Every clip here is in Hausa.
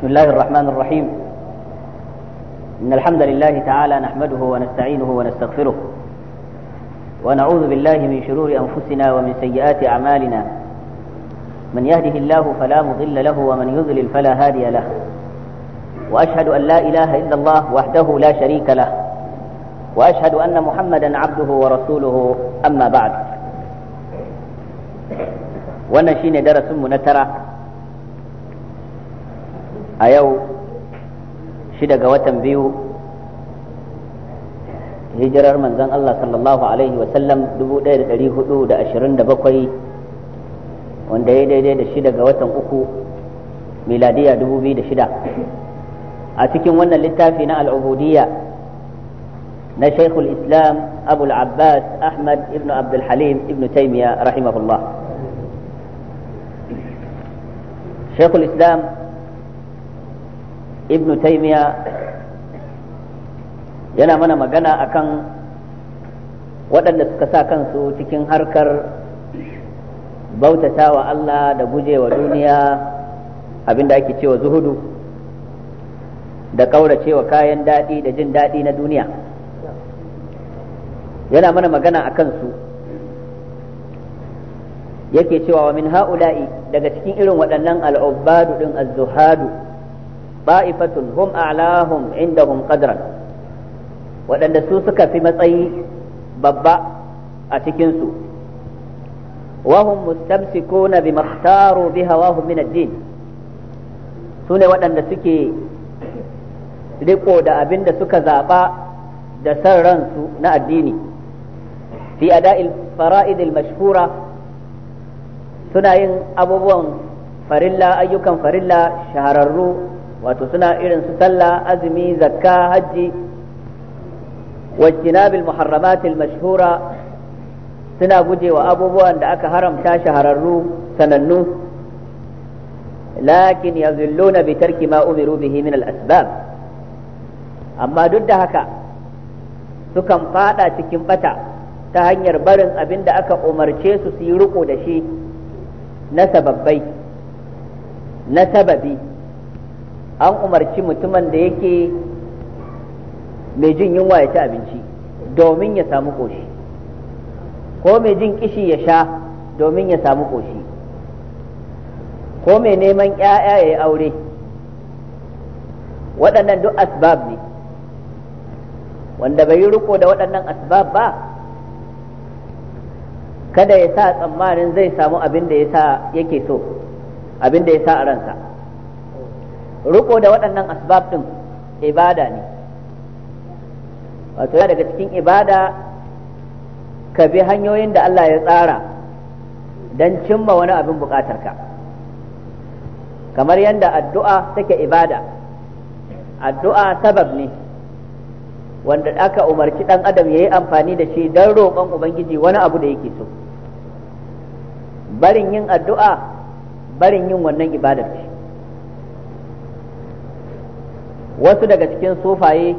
بسم الله الرحمن الرحيم إن الحمد لله تعالى نحمده ونستعينه ونستغفره ونعوذ بالله من شرور أنفسنا ومن سيئات أعمالنا من يهده الله فلا مضل له ومن يضلل فلا هادي له وأشهد أن لا إله إلا الله وحده لا شريك له وأشهد أن محمدا عبده ورسوله أما بعد ونشين درس منترى a yau shida ga watan biyu hijirar manzan Allah sallallahu alaihi wasallam 1427 wanda ya daidai da shida ga watan uku miladiya 2006 a cikin wannan littafi na al'ubudiyya na shaikhul islam abul abbas ahmad ibn abdul halim ibn taimiyya rahimahullah shaikhul islam ibnu taymiya yana mana magana akan waɗanda suka sa kansu cikin harkar bautata wa Allah da gujewa duniya abinda ake cewa zuhudu da ƙauracewa kayan daɗi da jin daɗi na duniya yana mana magana a kansu yake cewa wa min ha'ula'i daga cikin irin waɗannan al'ubbadu ɗin az-zuhadu ba'ifatun hum inda hum qadran waɗanda su suka fi matsayi babba a cikinsu wahum mustamsikuna bima ikhtaru biha wahum min ad sune waɗanda suke riko da abinda suka zaɓa da san ransu na addini fi ada'il fara'id al-mashhura suna yin abubuwan farilla ayyukan farilla shahararru wato suna irin su sallah azumi zakka hajji wajtinab al mashhura suna gujewa abubuwan da aka haramta shahararru sanannu lakin yazilluna bi tarki ma umiru bihi min al-asbab amma duk da haka sukan fada cikin bata ta hanyar barin abin da aka umarce su su yi riko da shi na sababbai na sababi an umarci mutumin da yake mai jin yunwa ya ci abinci domin ya samu ƙoshi ko mai jin kishi ya sha domin ya samu ƙoshi ko mai neman ‘ya'ya ya yi aure waɗannan duk asbab ne wanda bai yi ruko da waɗannan asbab ba kada ya sa tsammanin zai samu abin da ya sa yake so abin da ya sa a ransa riko da waɗannan asbab ɗin ibada ne wato daga cikin ibada ka bi hanyoyin da Allah ya tsara don cimma wani abin ka. kamar yadda addu'a take ibada addu'a sabab ne wanda aka umarci ɗan adam ya yi amfani da shi don roƙon ubangiji wani abu da yake so barin yin addu'a barin yin wannan ibadar ce wasu daga cikin sufaye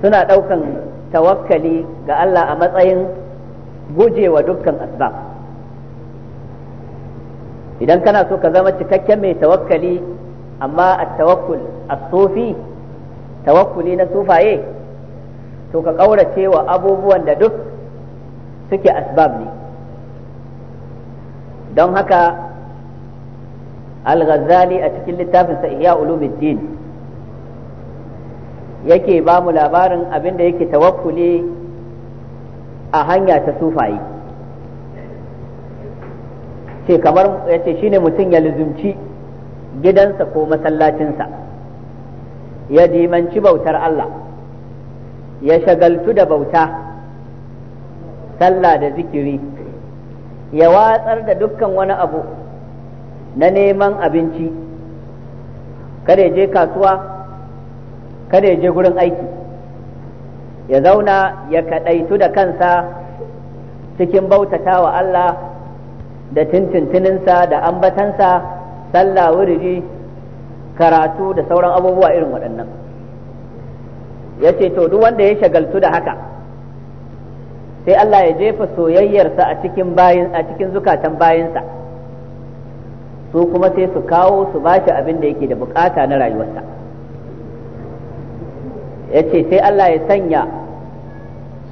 suna ɗaukan tawakkali ga Allah a matsayin gujewa dukkan asbab idan kana so ka zama cikakken mai tawakkali amma a tawakkul as-sufi tawakkuli na sufaye to ka ƙaurace wa abubuwan da duk suke asbab ne don haka al-ghazali a cikin littafin sa ihya ulumuddin yake ba mu labarin abin da yake tawakkuli a hanya ta sufaye, ce kamar yace shine mutum ya luzumci gidansa ko masallacinsa ya dimanci bautar Allah ya shagaltu da bauta sallah da zikiri ya watsar da dukkan wani abu na neman abinci kada je kasuwa kada je gurin aiki ya zauna ya kaɗaitu da kansa cikin bautata wa Allah da tintintininsa da ambatansa sallah wuriri karatu da sauran abubuwa irin waɗannan ya ce to duk wanda ya shagaltu da haka sai Allah ya jefa soyayyarsa a cikin bayin a cikin zukatan bayinsa su kuma sai su kawo su bashi abin da yake da bukata na rayuwarsa Ya ce sai Allah ya sanya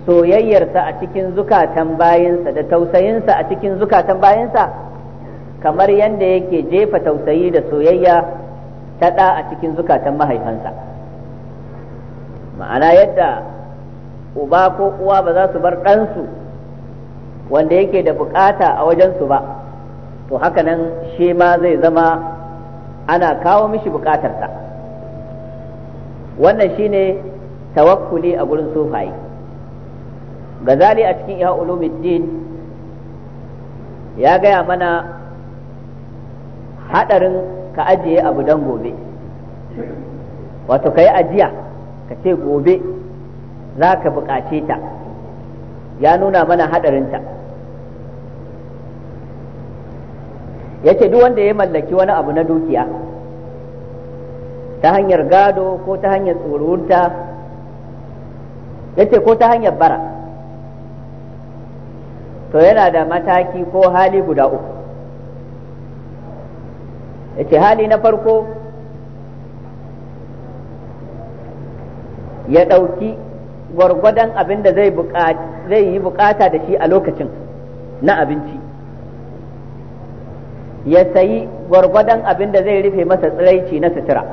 soyayyarsa a cikin zukatan bayansa da tausayinsa a cikin zukatan bayansa kamar yadda yake jefa tausayi da soyayya ta ɗa a cikin zukatan mahaifansa ma'ana yadda uba ko uwa ba za su bar ɗansu wanda yake da bukata a wajensu ba to haka nan shi ma zai zama ana kawo mishi bukatarsa wannan shine tawakkuli a gurin sufaye gazali a cikin iya ulumuddin ya gaya mana haɗarin ka ajiye abu don gobe wato ka yi ajiya ka ce gobe za ka buƙace ta ya nuna mana haɗarinta yace duk wanda ya mallaki wani abu na dukiya ta hanyar gado ko ta hanyar tsoronta yace ko ta hanyar bara to yana da mataki ko hali guda uku yace hali na farko ya ɗauki gwargwadon abin da zai yi bukata da shi a lokacin na abinci ya sayi gwargwadon abin da zai rufe masa tsiraici na sutura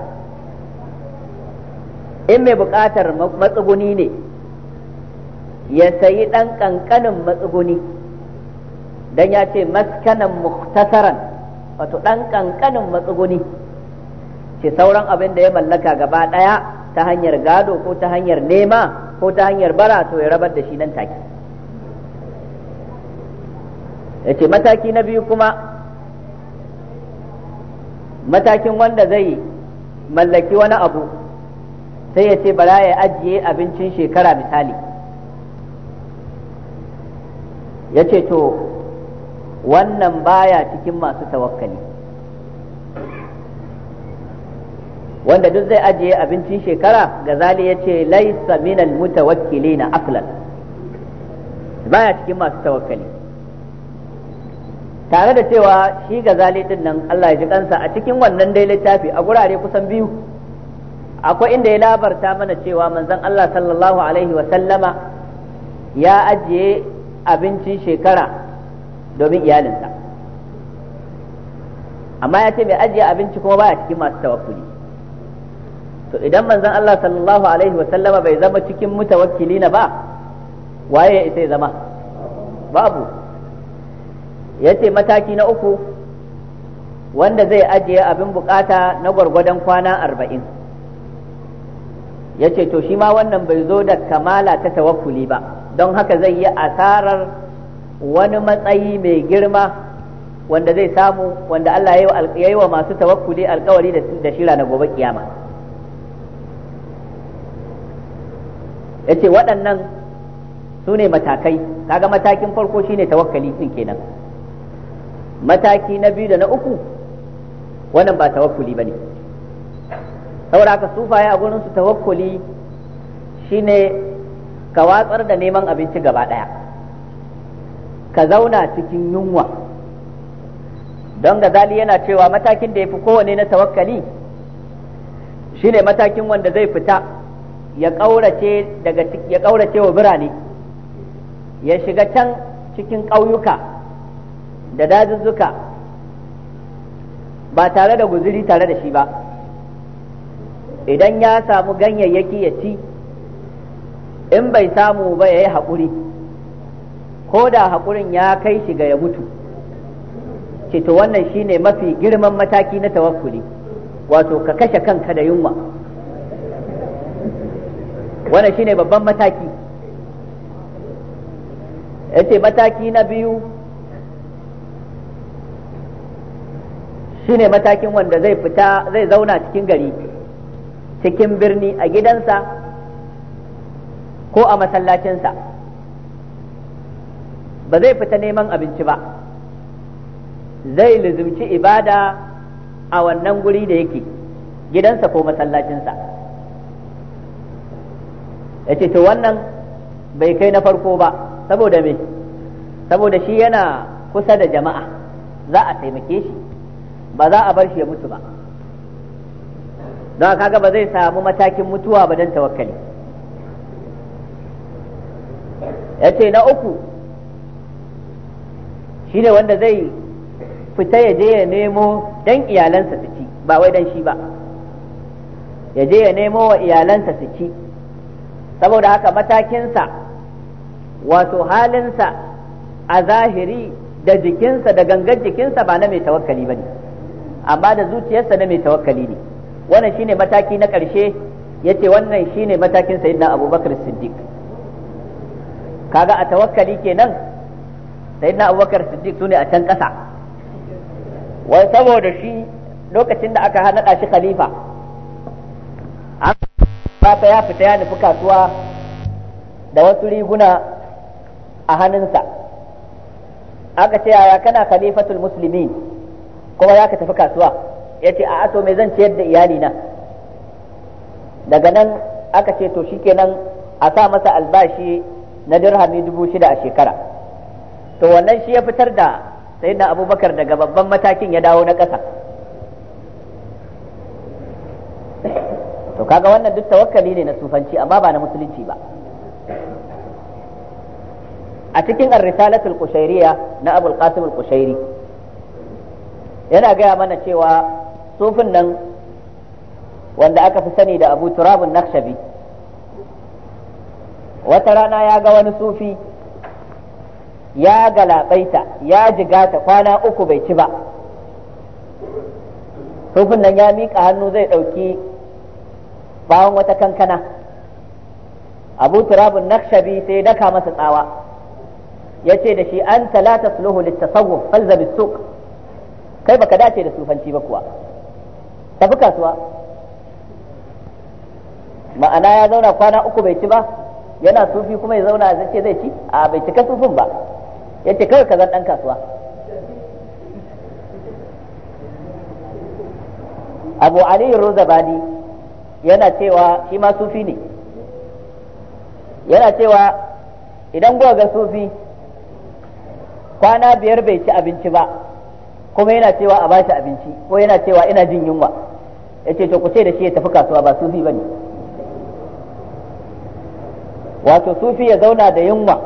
in mai buƙatar matsuguni ne ya sayi ɗan ƙanƙanin matsuguni don ya ce maskanan muktasaran wato ɗan ƙanƙanin matsuguni ce sauran abin da ya mallaka gaba ɗaya ta hanyar gado ko ta hanyar nema ko ta hanyar bara to ya rabar da shi nan take ya ce mataki na biyu kuma matakin wanda zai mallaki wani abu sai ya ce bara ya ajiye abincin shekara misali ya ce to wannan baya cikin masu tawakkali wanda duk zai ajiye abincin shekara gazali ya ce laisa minal mutawakkilina aflan baya cikin masu tawakkali tare da cewa shi ga zalitin nan Allah ya ji kansa a cikin wannan dai littafi a gurare kusan biyu akwai inda ya labarta mana cewa manzon Allah sallallahu alaihi wa sallama ya ajiye abincin shekara domin iyalinsa amma ya ce mai ajiye abinci kuma baya cikin masu tawakkuli to idan manzon Allah sallallahu alaihi wa sallama bai zama cikin mutawakkilina ba waye ya isa ya zama babu yace mataki na uku wanda zai ajiye abin bukata na gwargwadon kwana arba'in yace to shi ma wannan bai zo da kamala ta tawakkuli ba don haka zai yi asarar wani matsayi mai girma wanda zai samu wanda Allah ya yi wa masu tawakkuli alkawari da shira na gobe kiyama yace waɗannan su ne matakai kaga matakin farko shine tawakkali din kenan mataki na biyu da na uku wannan ba tawakkuli bane saboda haka sufaye a gurin su tawakkuli shine ka watsar da neman abinci gaba daya ka zauna cikin yunwa don gazali yana cewa matakin da ya fi kowane na tawakkali shine matakin wanda zai fita ya ƙaurace daga ya wa birane ya shiga can cikin ƙauyuka da dazuzzuka ba tare da guzuri tare da shi ba idan ya samu ganyayyaki ya ci in bai samu ba ya yi haƙuri ko da haƙurin ya kai shi ga ya mutu ceto wannan shine mafi girman mataki na tawakkuli wato ka kashe kanka da yunwa wannan shine babban mataki yace mataki na biyu shine matakin wanda zai fita zai zauna cikin gari cikin birni a gidansa ko a masallacinsa ba zai fita neman abinci ba zai lizumci ibada a wannan guri da yake gidansa ko masallacinsa ya ce to wannan bai kai na farko ba saboda me saboda shi yana kusa da jama'a za a taimake shi ba za a bar shi ya mutu ba don kaga ba zai samu matakin mutuwa ba don tawakkali ya ce na uku shi ne wanda zai fita ya je ya nemo don iyalansa su ci ba wai don shi ba ya je ya nemo wa iyalansa su ci saboda haka matakinsa wato halinsa a zahiri da jikinsa da gangan jikinsa ba na mai tawakkali ba ne amma da zuciyarsa na mai tawakkali ne wannan shine mataki na ƙarshe yace wannan shine matakin sayyidina abubakar siddiq kaga a tawakkali kenan sayyidina abubakar siddiq sune a can ƙasa wai saboda shi lokacin da aka hana shi khalifa an fata ya fita ya nufi kasuwa da wasu riguna a hannunsa aka ce yaya kana khalifatul muslimin kuma za ka tafi kasuwa ya ce a'a to me zan ciyar da iyalina? daga nan aka ce to shi shikenan a sa masa albashi na dirhami dubu shida a shekara to wannan shi ya fitar da sayyidina abubakar daga babban matakin ya dawo na ƙasa to kaga wannan duk tawakkali ne na sufanci amma ba na musulunci ba a cikin ar-risalatul qushairiyya na abul qasim al-qushairi yana gaya mana cewa sufin nan wanda aka fi sani da abu turabun nakshabi wata rana ya ga wani sufi ya galabaita ya jiga ta kwana uku bai ci ba sufin nan ya miƙa hannu zai ɗauki bawon wata kankana abu turabun nakshabi sai daka masa tsawa ya ce da shi an talata suluhu littasawuf falzabi suq kai baka dace da sufanci ba kuwa tafi kasuwa ma'ana ya zauna kwana uku bai ci ba yana sufi kuma ya zauna zai ce zai ci a bai cika sufin ba ya ce kawai ka zan dan kasuwa abu ali Ruzabadi yana cewa shi ma sufi ne yana cewa idan ga sufi kwana biyar bai ci abinci ba kuma yana cewa a ba shi abinci ko yana cewa ina jin yunwa yace to ku ce da shi ya tafi kasuwa ba sufi ba ne, wato sufi ya zauna da yunwa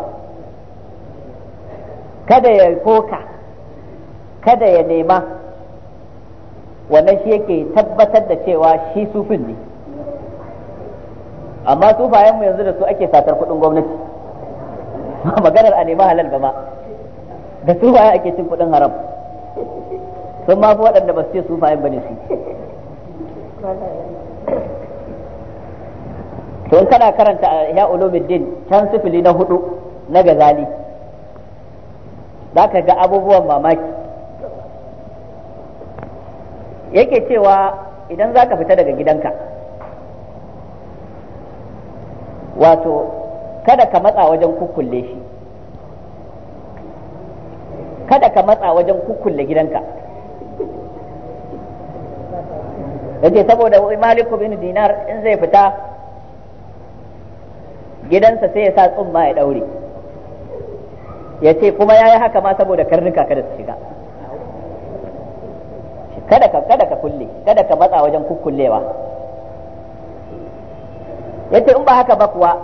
kada ya koka kada ya nema wannan shi yake tabbatar da cewa shi sufin ne amma sufayenmu yanzu da su ake satar kudin gwamnati maganar a nema halal ba ma da sufaye ake cin kudin haram sun ma fi waɗanda ba su ce sufayen ne su to in kana karanta ya ulumuddin can sifili na hudu na gazali za ka ga abubuwan mamaki yake cewa idan za ka fita daga gidanka wato kada ka matsa wajen kukulle shi kada ka matsa wajen kukulle gidanka yace saboda wai maliku bin dinar in zai fita gidansa sai ya sa tsumma ya daure yace kuma ya yi haka ma saboda karnuka kada su shiga kada ka kada ka kulle kada ka matsa wajen kukkullewa yace in ba haka ba kuwa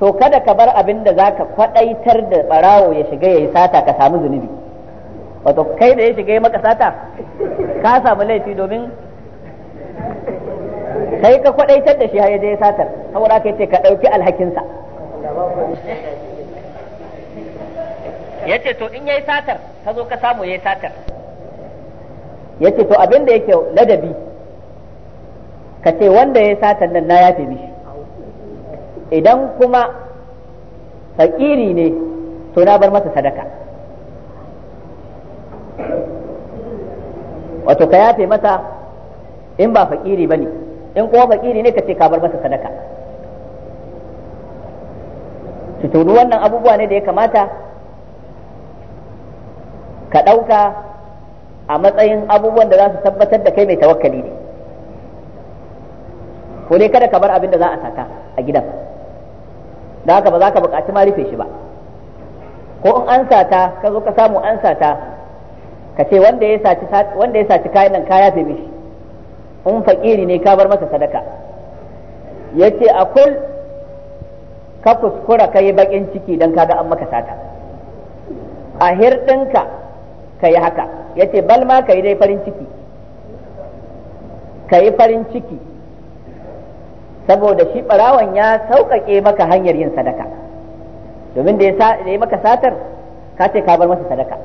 to kada ka bar abin da zaka kwadaitar da barawo ya shiga yayi sata ka samu zunubi wato kai da ya shiga maka sata ka samu laifi domin kai ka kwadaitar da shi har je satar saboda kai ce ka dauki alhakinsa yace to in yayi satar ka zo ka samu yayi satar yace to abin da yake ladabi ka ce wanda yayi satar nan na yafe mishi idan kuma fakiri ne to na bar masa sadaka wato ka yafe masa in ba fakiri bane in kuma fakiri ne ka ce ka bar masa sadaka su wannan abubuwa ne da ya kamata ka ɗauka a matsayin abubuwan da za su tabbatar da kai mai tawakkali ne ko ne kada ka bar abin da za a saka a gidan da haka ba za ka buƙaci ma rufe shi ba ko in an sata ka zo ka samu an sata ka ce wanda ya saci wanda kayan nan kaya fi mishi in fakiri ne ka bar masa sadaka yace kul ka kuskura kai bakin ciki dan kaga an maka sata a hirɗinka ka yi haka yace bal ma ka yi dai farin ciki ka yi farin ciki saboda shi ɓarawan ya sauƙaƙe maka hanyar yin sadaka domin da ya yi maka satar ka ce ka bar masa sadaka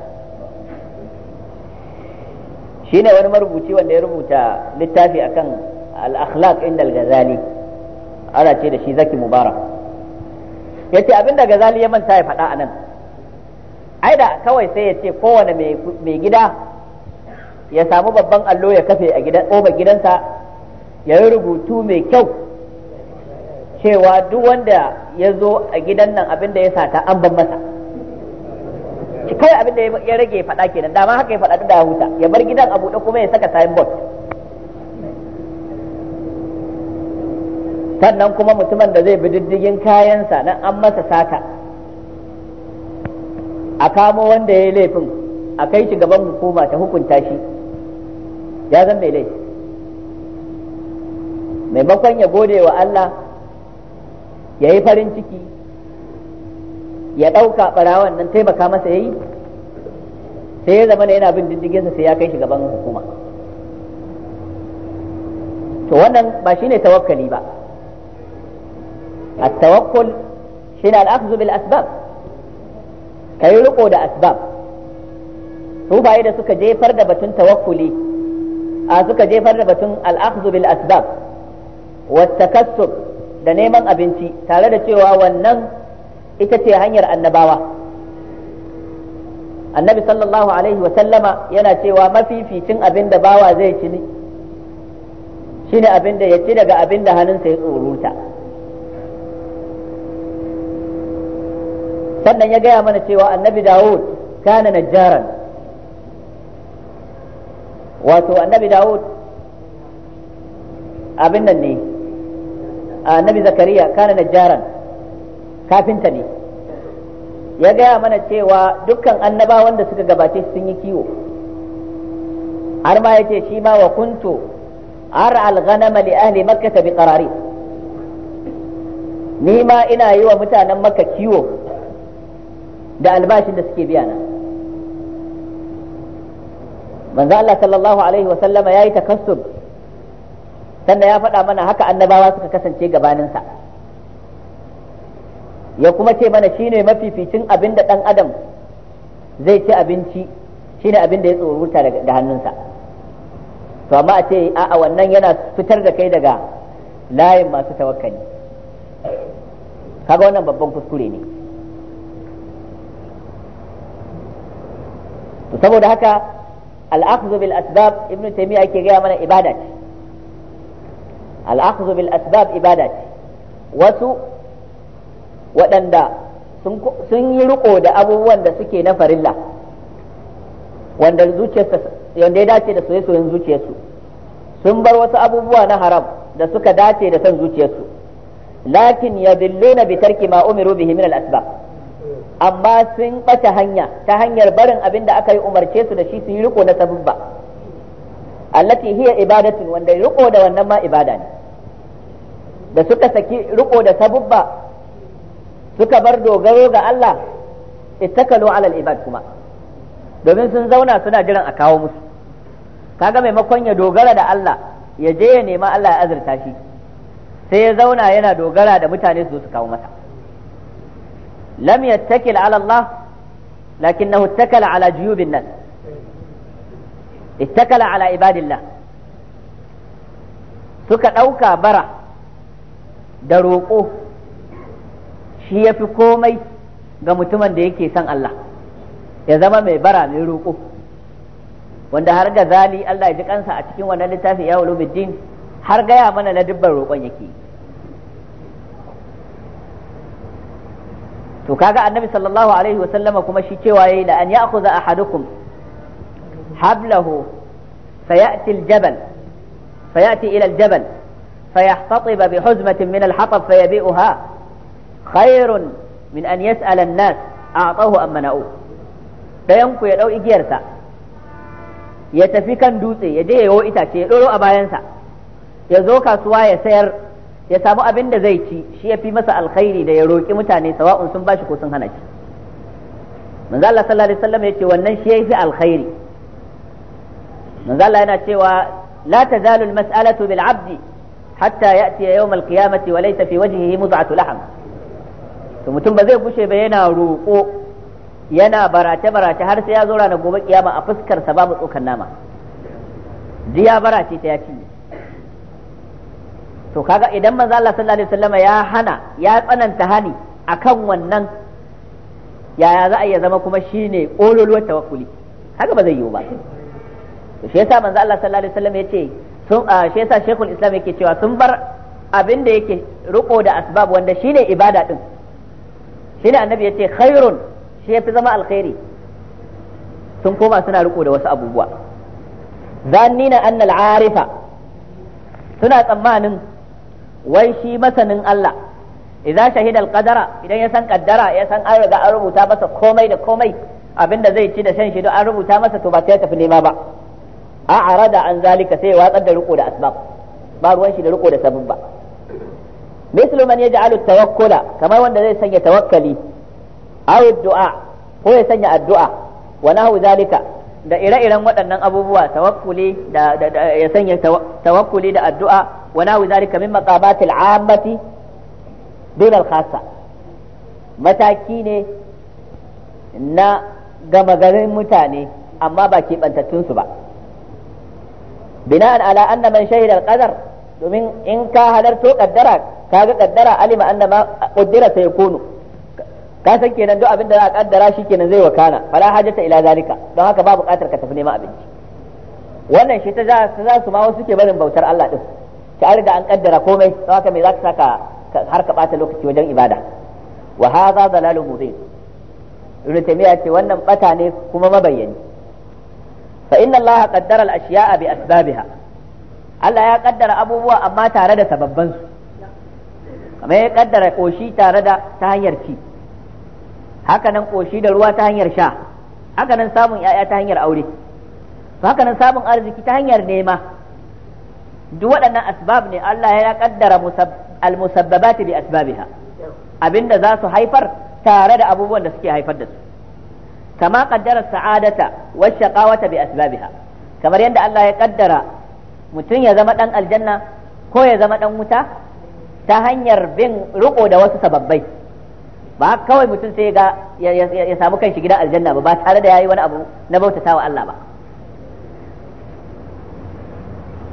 Shi ne wani marubuci wanda ya rubuta littafi akan al-akhlaq inda al ana ce da shi zaki mubarak yace abinda gazali ya manta ya faɗa anan ai da kawai sai ya ce kowane mai gida ya samu babban allo ya kafe a gidan oba gidansa ya yi rubutu mai kyau cewa duk wanda ya zo a gidan nan abinda ya sata an ban masa kai abin da ya rage faɗa kenan dama haka ya faɗa da ya huta ya bar gidan a buɗe kuma ya saka saibot. sannan kuma mutumin da zai bi diddigin kayansa nan an masa sata a kamo wanda ya yi laifin a kai shi gaban hukuma ta hukunta shi ya zan mai laifi maimakon ya gode wa Allah ya yi farin ciki ya ɗauka ɓarawan nan taimaka masa ya yi? sai ya zama yana bin sa sai ya kai shi gaban hukuma to wannan ba shine tawakkali ba at-tawakkul shine al-akhdhu bil asbab kai riko da asbab rubaye da suka jefar da batun tawakkuli a suka jefar da batun al-akhdhu bil asbab wa takassub da neman abinci tare da cewa wannan ita ce hanyar annabawa annabi sallallahu alaihi wa sallama yana cewa mafificin abin da bawa zai ci ne shine abin da ya ci daga abin da hannunsa ya tsoruta sannan ya gaya mana cewa annabi dawud kana najjaran wato annabi dawud abin nan ne annabi zakariya kana najjaran kafinta ne ya gaya mana cewa dukkan annabawan da suka gabace sun yi kiwo har ma yace shi ma wa kuntu ara al-ghanama li ahli makkah bi qarari ni ma ina yi wa mutanen makka kiwo da albashin da suke biya na manzo Allah sallallahu alaihi wa sallama yayi takassur sannan ya faɗa mana haka annabawa suka kasance gabaninsa sa ya kuma ce mana shine mafificin abin da ɗan adam zai ci abinci shine abin da ya tsoruta da hannunsa to amma a ce a'a wannan yana fitar da kai daga layin masu tawakkali kaga wannan babban kuskure ne to saboda haka al bil asbab ibn taymiya yake gaya mana ibada ce bil asbab ibada ce wasu waɗanda sun yi riko da abubuwan da suke na farilla wanda zuciyarsa wanda ya dace da soyayyen zuciyarsu sun bar wasu abubuwa na haram da suka dace da son zuciyarsu lakin ya na bi tarki ma umiru bihi min al-asbab amma sun ɓata hanya ta hanyar barin abin da aka yi umarce su da shi su yi riko na sabubba allati hiya ibadatun wanda riko da wannan ma ibada ne da suka saki riko da sabubba suka bar dogaro ga Allah ittakalu alal ibad kuma domin sun zauna suna jiran a kawo musu kaga maimakon ya dogara da Allah ya je ya nema Allah ya azurta shi sai ya zauna yana dogara da mutane su su kawo masa lam yattakil ala Allah lakinnahu ittakala ala juyubin nas ittakala ala ibadillah suka ɗauka bara da roƙo shi ya fi komai ga mutumin da yake son Allah ya zama mai bara mai roƙo wanda har ga zali Allah ya ji kansa a cikin wannan littafin ya ulubuddin har gaya mana na dubban roƙon yake to kaga annabi sallallahu alaihi wasallama kuma shi cewa yayi la an ya'khudha ahadukum hablahu fayati aljabal fayati ila aljabal فيحتطب بحزمة من الحطب فيبيئها khairun min an yas'ala an-nas a'tahu mana'u ku ya ɗau igiyarsa ya tafi kan dutse ya je ya yawo itace ya doro a bayansa ya zo kasuwa ya sayar ya samu abin da zai ci shi ya fi masa alkhairi da ya roƙi mutane sawa'un sun bashi ko sun hana shi manzo Allah sallallahu alaihi wasallam yace wannan shi yafi alkhairi manzo Allah yana cewa la tazalu almas'alatu bil 'abdi hatta ya'ti yawm alqiyamati wa laysa fi wajhihi mud'atu lahm to mutum ba zai gushe ba yana roƙo yana barace barace har sai ya zo ranar gobe kiyama a fuskar sa babu tsokan nama ji ya barace ta ya ci to kaga idan manzo Allah sallallahu alaihi wasallam ya hana ya tsananta hani akan wannan yaya za a iya zama kuma shine ƙololuwar tawakkuli haka ba zai yiwu ba shi yasa manzo Allah sallallahu alaihi wasallam yace sun ah, shi yasa shekul Islam yake cewa sun bar abin da yake riko da asbab wanda shine ibada din shine annabi ya ce khairun shi yafi zama alkhairi sun koma suna riko da wasu abubuwa zannina anna al-arifa suna tsammanin wai shi masanin Allah idan shahida al idan ya san kaddara ya san an riga an rubuta masa komai da komai abinda zai ci da shan shi an rubuta masa to ba sai ya tafi nema ba a arada an zalika sai ya watsar da riko da asbab ba ruwan shi da riko da sababba mislu man yaj'alu tawakkula kamar wanda zai sanya tawakkali aw du'a ko ya sanya addu'a wa nahu zalika da ire-iren waɗannan abubuwa tawakkuli da ya sanya tawakkuli da addu'a wa nahu zalika min maqabatil 'ammati dun al-khassa mataki ne na gama garin mutane amma ba ke su ba bina'an ala anna man shahida al-qadar domin in ka halarto kaddara kaga kaddara alima annama qaddara sai yakunu ka san kenan duk abinda za a kaddara shi kenan zai wakana fala hajata ila zalika don haka ba buƙatar ka tafi neman abinci wannan shi ta za su ma wasu ke barin bautar Allah din tare da an kaddara komai don haka me za ka saka har ka bata lokaci wajen ibada wa hadha dalalun mubin ibn taymiya ce wannan bata ne kuma mabayyani fa inna allaha qaddara al-ashya'a bi asbabiha Allah ya kaddara abubuwa amma tare da sababbansu. kamar ya kaddara koshi tare da ta hanyar ci hakanan koshi da ruwa ta hanyar sha hakanan samun yaya ta hanyar aure hakanan samun arziki ta hanyar nema duk waɗannan asbab ne Allah ya kaddara al-musabbabati bi asbabiha abinda za su haifar tare da abubuwan da suke haifar da su kama kaddara sa'adata wa shaqawata bi asbabiha kamar yadda Allah ya kaddara mutum ya zama dan aljanna ko ya zama dan wuta ta hanyar bin riko da wasu sababbai ba kawai mutum sai ga ya samu kanshi gidan aljanna ba ba tare da yayi wani abu na bautata wa Allah ba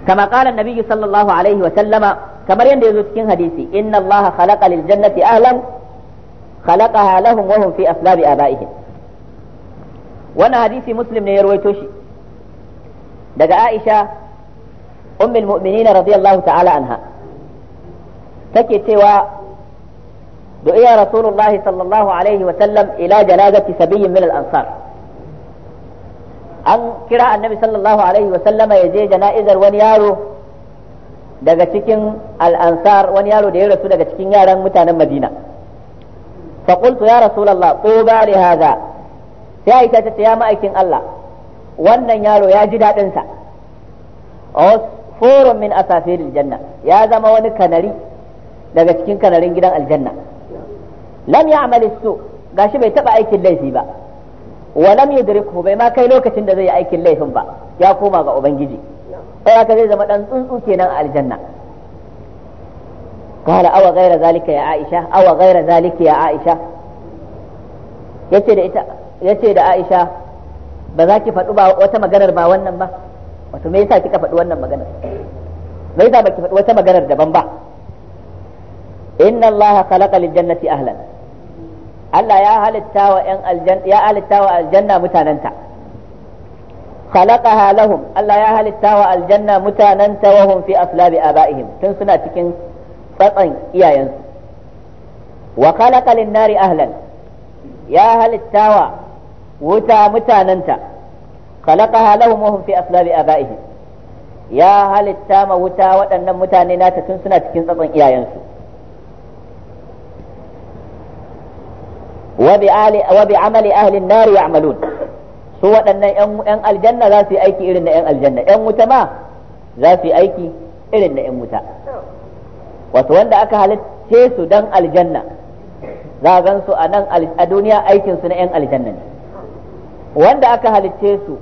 kama qala annabi sallallahu alaihi wa sallama kamar yadda ya zo cikin hadisi inna Allah khalaqa lil jannati ahlan khalaqaha lahum wa hum fi aslabi abaihim wannan hadisi muslim ne ya rawaito shi daga Aisha ummul mu'minin radiyallahu ta'ala anha take cewa du'iya rasulullahi sallallahu alaihi wa sallam ila janazati sabiyyin min al-ansar an kira annabi sallallahu alaihi wa sallam ya je jana'izar wani yaro daga cikin al-ansar wani yaro da ya rasu daga cikin yaran mutanen Madina fa qultu ya rasulullah tuba li hadha sai aisha ta ya ma'aikin Allah wannan yaro ya ji dadin sa furun min asafiril janna ya zama wani kanari daga cikin kanarin gidan aljanna lam amali su gashi bai taba aikin laifi ba wa lam yudriku bai ma kai lokacin da zai yi aikin laifin ba ya koma ga ubangiji sai haka zai zama dan tsuntsu kenan a aljanna قال أو غير ذلك يا عائشة أو غير ذلك يا عائشة yace da Aisha ba za ki faɗi wata maganar ba wannan ba wato me yasa kika faɗi wannan maganar me yasa baki faɗi wata maganar daban ba inna allaha khalaqa lil jannati ahlan Allah ya halitta wa aljanna mutananta tun suna cikin tsatsan iyayensu wa khalaqa lin ahlan ya halitta wa wuta mutananta ya halitta ma wuta waɗannan mutane nata tun suna cikin tsatsan iyayensu wa bi amali ahli an-nar ya'malun su waɗannan yan aljanna za su yi aiki irin na yan aljanna yan wuta ma za su yi aiki irin na yan wuta wato wanda aka halitta su dan aljanna za gan su a nan a duniya aikin su na yan aljanna ne wanda aka halitta su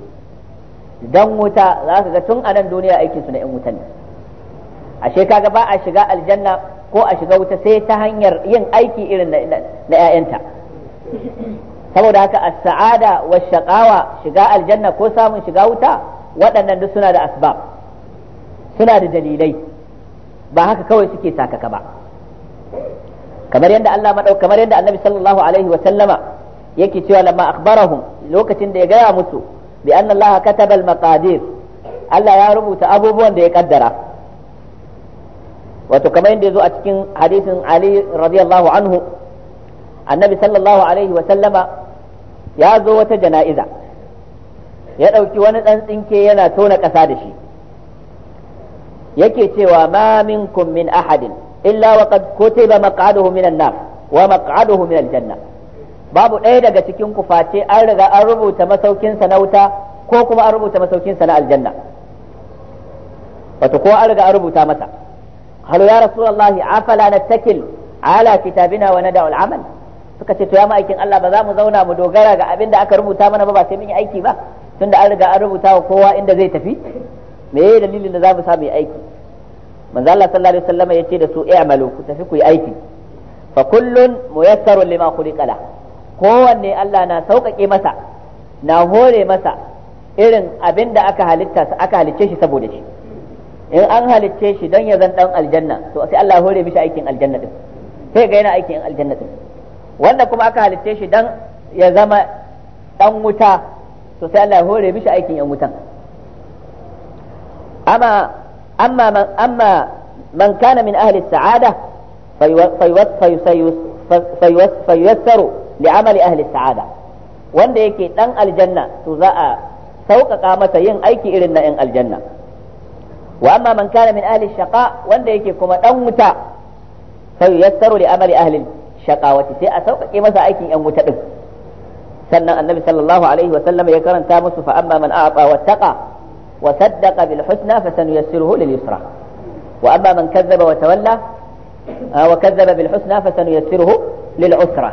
dan wuta za ka ga tun a nan duniya aikin su na yan wuta ne ashe kaga ba a shiga aljanna ko a shiga wuta sai ta hanyar yin aiki irin na ƴaƴanta. saboda haka as-sa'ada wa shaqawa shiga aljanna ko samun shiga wuta waɗannan duk suna da asbab suna da dalilai ba haka kawai suke sakaka ba kamar yadda Allah madau kamar yadda Annabi sallallahu alaihi wa sallama yake cewa lamma akhbarahum lokacin da ya gaya musu bi anna Allah kataba al-maqadir Allah ya rubuta abubuwan da ya kaddara wato kamar yadda ya zo a cikin hadisin Ali radiyallahu anhu annabi sallallahu alaihi wa sallama ya zo wata jana'iza ya ɗauki wani ɗan tsinke yana tona ƙasa da shi yake cewa ma minkum min ahadin illa wa qad kutiba maq'aduhu min an-nar wa maq'aduhu min al-janna babu ɗaya daga cikin ku face an riga an rubuta masaukin sa na wuta ko kuma an rubuta masaukin sa na aljanna wato ko an riga an rubuta masa halu ya rasulullahi afala nattakil ala kitabina wa nada'u al-amal suka ce to ya ma'aikin Allah ba za mu zauna mu dogara ga abin da aka rubuta mana ba ba sai mun yi aiki ba tunda an riga an rubuta wa kowa inda zai tafi me ye dalilin da za mu sa yi aiki manzo Allah sallallahu alaihi wasallam ce da su i'malu eh, ku tafi ku yi aiki fa kullun muyassarun lima khuliqa la kowanne Allah na sauƙaƙe masa na hore masa irin abin da aka halitta aka halicce shi saboda shi in an halicce shi don ya zan dan aljanna to sai Allah hore mishi aikin aljanna din sai ga yana aikin aljanna din wanda kuma aka halitte shi dan ya zama dan wuta to sai Allah ya hore mishi aikin yan wutan amma amma man amma man kana min ahli sa'ada fayuwassaru li'amali ahli sa'ada wanda yake dan aljanna to za a sauƙaƙa mata yin aiki irin na yan aljanna wa amma man kana min ahli shaqa wanda yake kuma dan wuta fayuwassaru li'amali ahli shaqawati sai a sauƙaƙe masa aikin yan wuta din sannan annabi sallallahu alaihi wa sallam ya karanta musu fa amma man a'ata wattaqa wa saddaqa bil husna fa sanuyassiruhu lil yusra wa amma man kazzaba wa tawalla ah, wa kazzaba bil husna fa sanuyassiruhu lil usra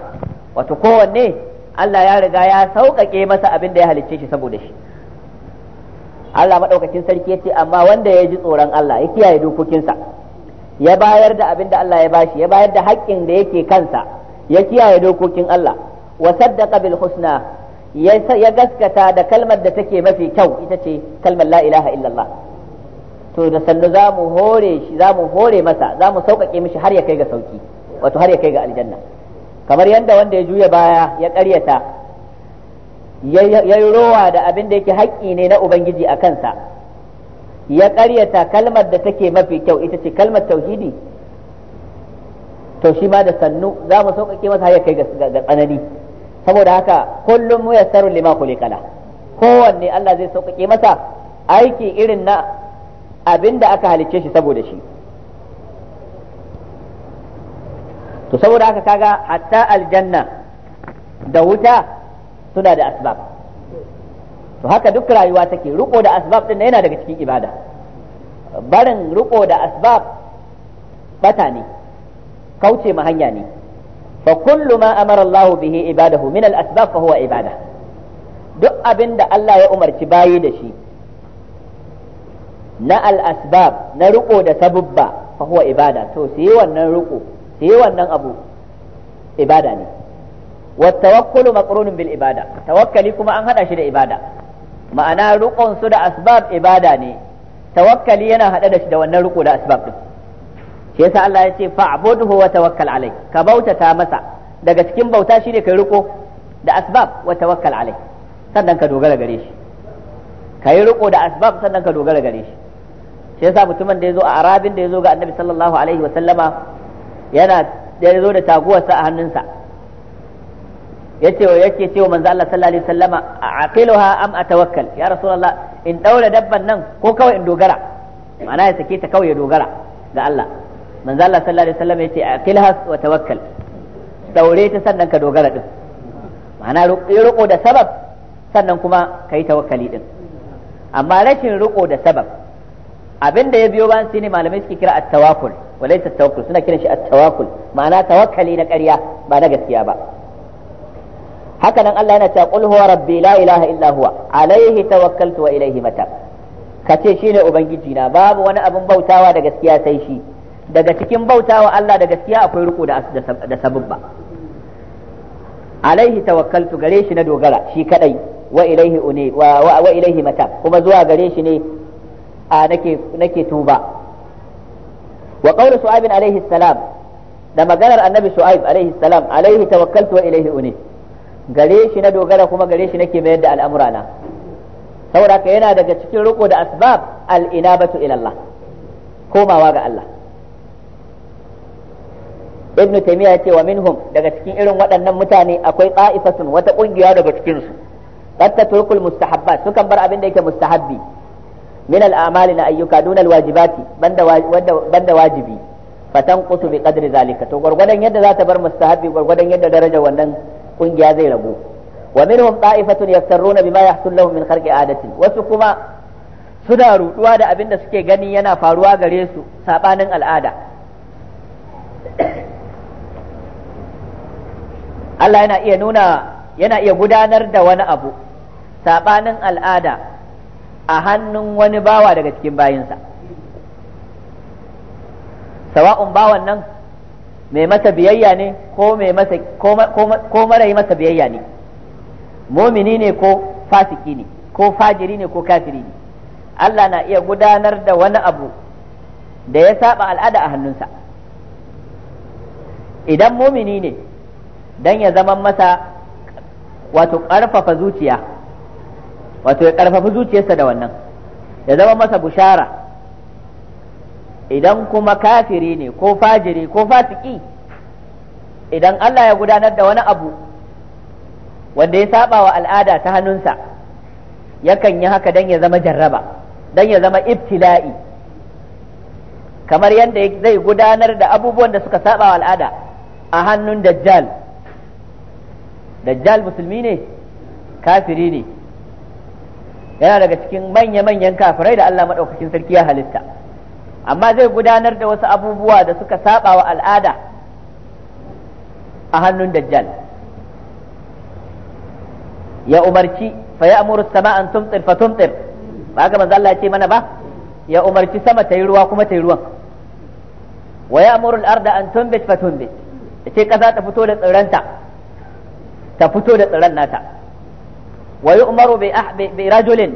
wato kowanne Allah ya riga ya sauƙaƙe masa abin da ya halicce shi saboda shi Allah madaukakin sarki yace amma wanda ya ji tsoron Allah ya kiyaye dokokinsa ya bayar da abin da Allah ya bashi ya bayar da haƙƙin da yake kansa ya kiyaye dokokin Allah wa saddaqa bil husna ya gaskata da kalmar da take mafi kyau ita ce kalmar la ilaha illallah to da sannu za mu hore shi za mu hore masa za mu sauƙaƙe mishi har ya kai ga sauki wato har ya kai ga aljanna kamar yadda wanda ya juya baya ya karyata ya yi rowa da abin da yake haƙƙi ne na ubangiji a kansa ya ƙaryata kalmar da take mafi kyau ita ce kalmar tauhidi to shi ma da sannu za mu sauƙaƙe masa har ya kai ga tsanani saboda haka kullum mu yassaru lima kulikala kowanne Allah zai sauƙaƙe masa aiki irin na abinda aka halicce shi saboda shi to saboda haka kaga hatta aljanna da wuta suna da asbab to haka duk rayuwa take ruko da asbab din yana daga cikin ibada barin ruko da asbab bata ne kauce ma hanya ne fa kullu ma amara Allah bihi ibadahu min al asbab fa huwa ibada duk abinda Allah ya umarci bayi da shi na al asbab na ruko da sabubba fa huwa ibada to sai wannan ruko sai wannan abu ibada ne والتوكل مقرون بالعبادة توكلي كما أن هذا شيء عبادة ma'ana rukun su da asbab ibada ne tawakkali yana hada da shi da wannan ruku da asbab din shi yasa Allah ya ce fa'budhu wa tawakkal alai ka bautata masa daga cikin bauta shine kai ruko da asbab wa tawakkal alai sannan ka dogara gare shi kai ruko da asbab sannan ka dogara gare shi shi yasa mutumin da yazo a arabin da yazo ga annabi sallallahu alaihi wa sallama yana da yazo da taguwarsa a hannunsa yace yake cewa manzo Allah sallallahu alaihi wasallama aqiluha am atawakkal ya rasulullah in daura dabban nan ko kawai in dogara ma'ana ya sake ta kawai ya dogara ga Allah manzo Allah sallallahu alaihi wasallama yace aqilha wa tawakkal daure ta sannan ka dogara din ma'ana ruko da sabab sannan kuma kai tawakkali din amma rashin ruko da sabab abin da ya biyo bayan shine malamai suke kira at-tawakkul walaysa at-tawakkul suna kiran shi at-tawakkul ma'ana tawakkali na ƙarya ba na gaskiya ba haka nan Allah yana cewa qul huwa rabbi la ilaha illa huwa alaihi tawakkaltu wa ilaihi mata kace shine ubangiji na babu wani abin bautawa da gaskiya sai shi daga cikin bautawa Allah da gaskiya akwai riko da da sababba alaihi tawakkaltu gare shi na dogara shi kadai wa ilaihi une wa ilaihi mata kuma zuwa gare shi ne a nake nake tuba wa qawlu su'aib alaihi salam da maganar annabi su'ab alaihi salam alaihi tawakkaltu wa ilaihi une gare shi na dogara kuma gare shi nake mayar da al'amura na saboda yana daga cikin riko da asbab al-inabatu ila Allah komawa ga Allah ibnu taymiya yace wa minhum daga cikin irin waɗannan mutane akwai qa'ifatun wata kungiya daga cikin su qad tatrukul mustahabbat sukan bar abin da yake mustahabbi min al-a'mal na ayyuka dun al-wajibati banda banda wajibi fatan qutu bi qadri zalika to gurgurdan yadda za ta bar mustahabbi gurgurdan yadda daraja wannan kungiya zai rabu wa minhum ta'ifatun yaktaruna bima yahsul lahum min kharqi adatin wasu kuma suna ruduwa da abin da suke gani yana faruwa gare su sabanin al'ada Allah yana iya nuna yana iya gudanar da wani abu sabanin al'ada a hannun wani bawa daga cikin bayinsa sawa'un bawan nan mai masa biyayya ne ko mai masa ko mara yi masa biyayya ne mumini ne ko fasiki ne ko fajiri ne ko kafiri ne Allah na iya gudanar da wani abu da ya saba al'ada a hannunsa idan mumini ne dan ya zama masa wato ƙarfafa zuciya wato ya ƙarfafa zuciyarsa da wannan ya zama masa bushara idan kuma kafiri ne ko fajiri ko fasiki idan Allah ya gudanar da wani abu wanda ya saba wa al'ada ta hannunsa yakan yi haka don ya zama jarraba don ya zama ibtila'i kamar yadda zai gudanar da abubuwan da suka saba wa al'ada a hannun dajjal dajjal musulmi ne kafiri ne yana daga cikin manya-manyan kafirai da Allah maɗaukacin sarki ya halitta amma zai gudanar da wasu abubuwa da suka saba wa al'ada a hannun dajjal ya umarci fa ya amuru sama an tumtir fa tumtir ba haka manzo Allah ya ce mana ba ya umarci sama ta yi ruwa kuma ta yi ruwan wa ya amuru al-arda an tumbit fa tumbit ce kasa ta fito da tsiranta ta fito da tsiran nata wa yu'maru bi ah, rajulin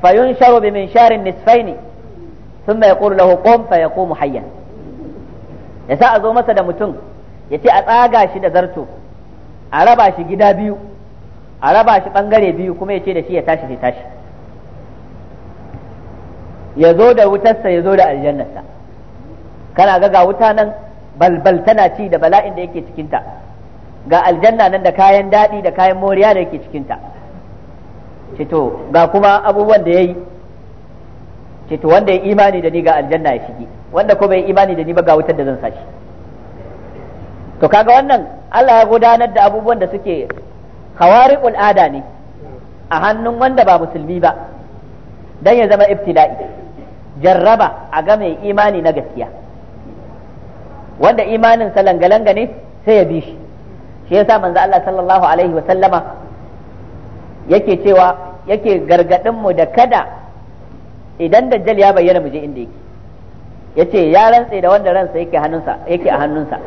fa yunsharu bi minsharin nisfaini thumma yaqulu lahu qum fa yaqumu hayyan ya sa a zo masa da mutum ya ce a tsaga shi da zarto a raba shi gida biyu a raba shi bangare biyu kuma ya ce da shi ya tashi sai tashi ya zo da wutarsa ya zo da aljannarsa kana ga ga wuta nan balbal tana ci da bala'in da yake cikinta ga aljanna nan da kayan daɗi da kayan moriya da yake cikinta cito ga kuma abubuwan da ya yi ce to wanda ya imani da ni ga aljanna ya shige wanda ko bai imani da ni ba ga wutar da zan sashi to kaga wannan Allah ya gudanar da abubuwan da suke khawariqul ada ne a hannun wanda ba musulmi ba dan ya zama ibtila'i jarraba a ga mai imani na gaskiya wanda imanin sa langa ne sai ya bi shi shi yasa manzo Allah sallallahu alaihi wa sallama yake cewa yake gargadin mu da kada idan dajjal ya bayyana mu je inda yake yace ya rantse da wanda ransa yake hannunsa yake a hannunsa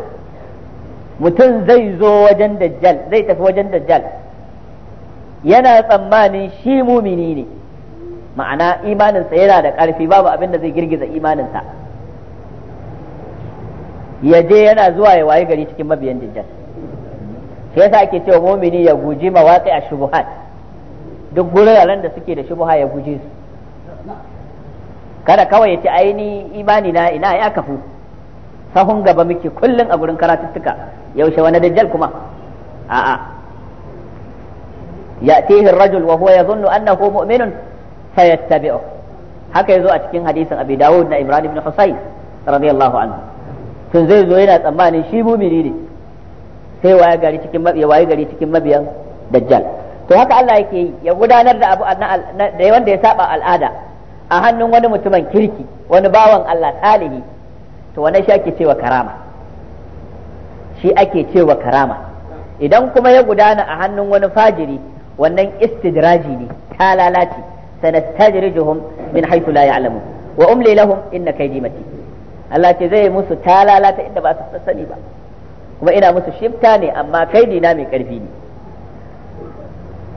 mutum zai zo wajen dajjal zai tafi wajen dajjal yana tsammanin shi mumini ne ma'ana imaninsa yana da ƙarfi babu abin da zai girgiza imaninsa ya je yana zuwa ya waye gari cikin mabiyan dajjal shi yasa ake cewa mumini ya guji mawaƙi a shubuhat duk guraren da suke da shubuha ya guje su kada kawai ya ci aini imani na ina ya kafu sahun gaba muke kullum a gurin karatuttuka yaushe wani dajjal kuma a'a ya ar-rajul wa huwa yadhunnu annahu mu'minun fayattabi'u haka yazo a cikin hadisin Abi Dawud na Imran ibn Husayn radiyallahu anhu tun zai zo yana tsammanin shi mumini ne sai waye gari cikin mabiya waye gari cikin mabiyan dajjal to haka Allah yake ya gudanar da abu da wanda ya saba al'ada a hannun wani mutumin kirki wani bawan Allah salihi to wannan shi ake cewa karama shi ake cewa karama idan kuma ya gudana a hannun wani fajiri wannan istidraji ne ta lalace sanastajrijuhum min haythu la ya'lamun wa umli lahum inna kaydi mati Allah ce zai musu ta lalata inda ba su sani ba kuma ina musu shifta ne amma kaidi na mai karfi ne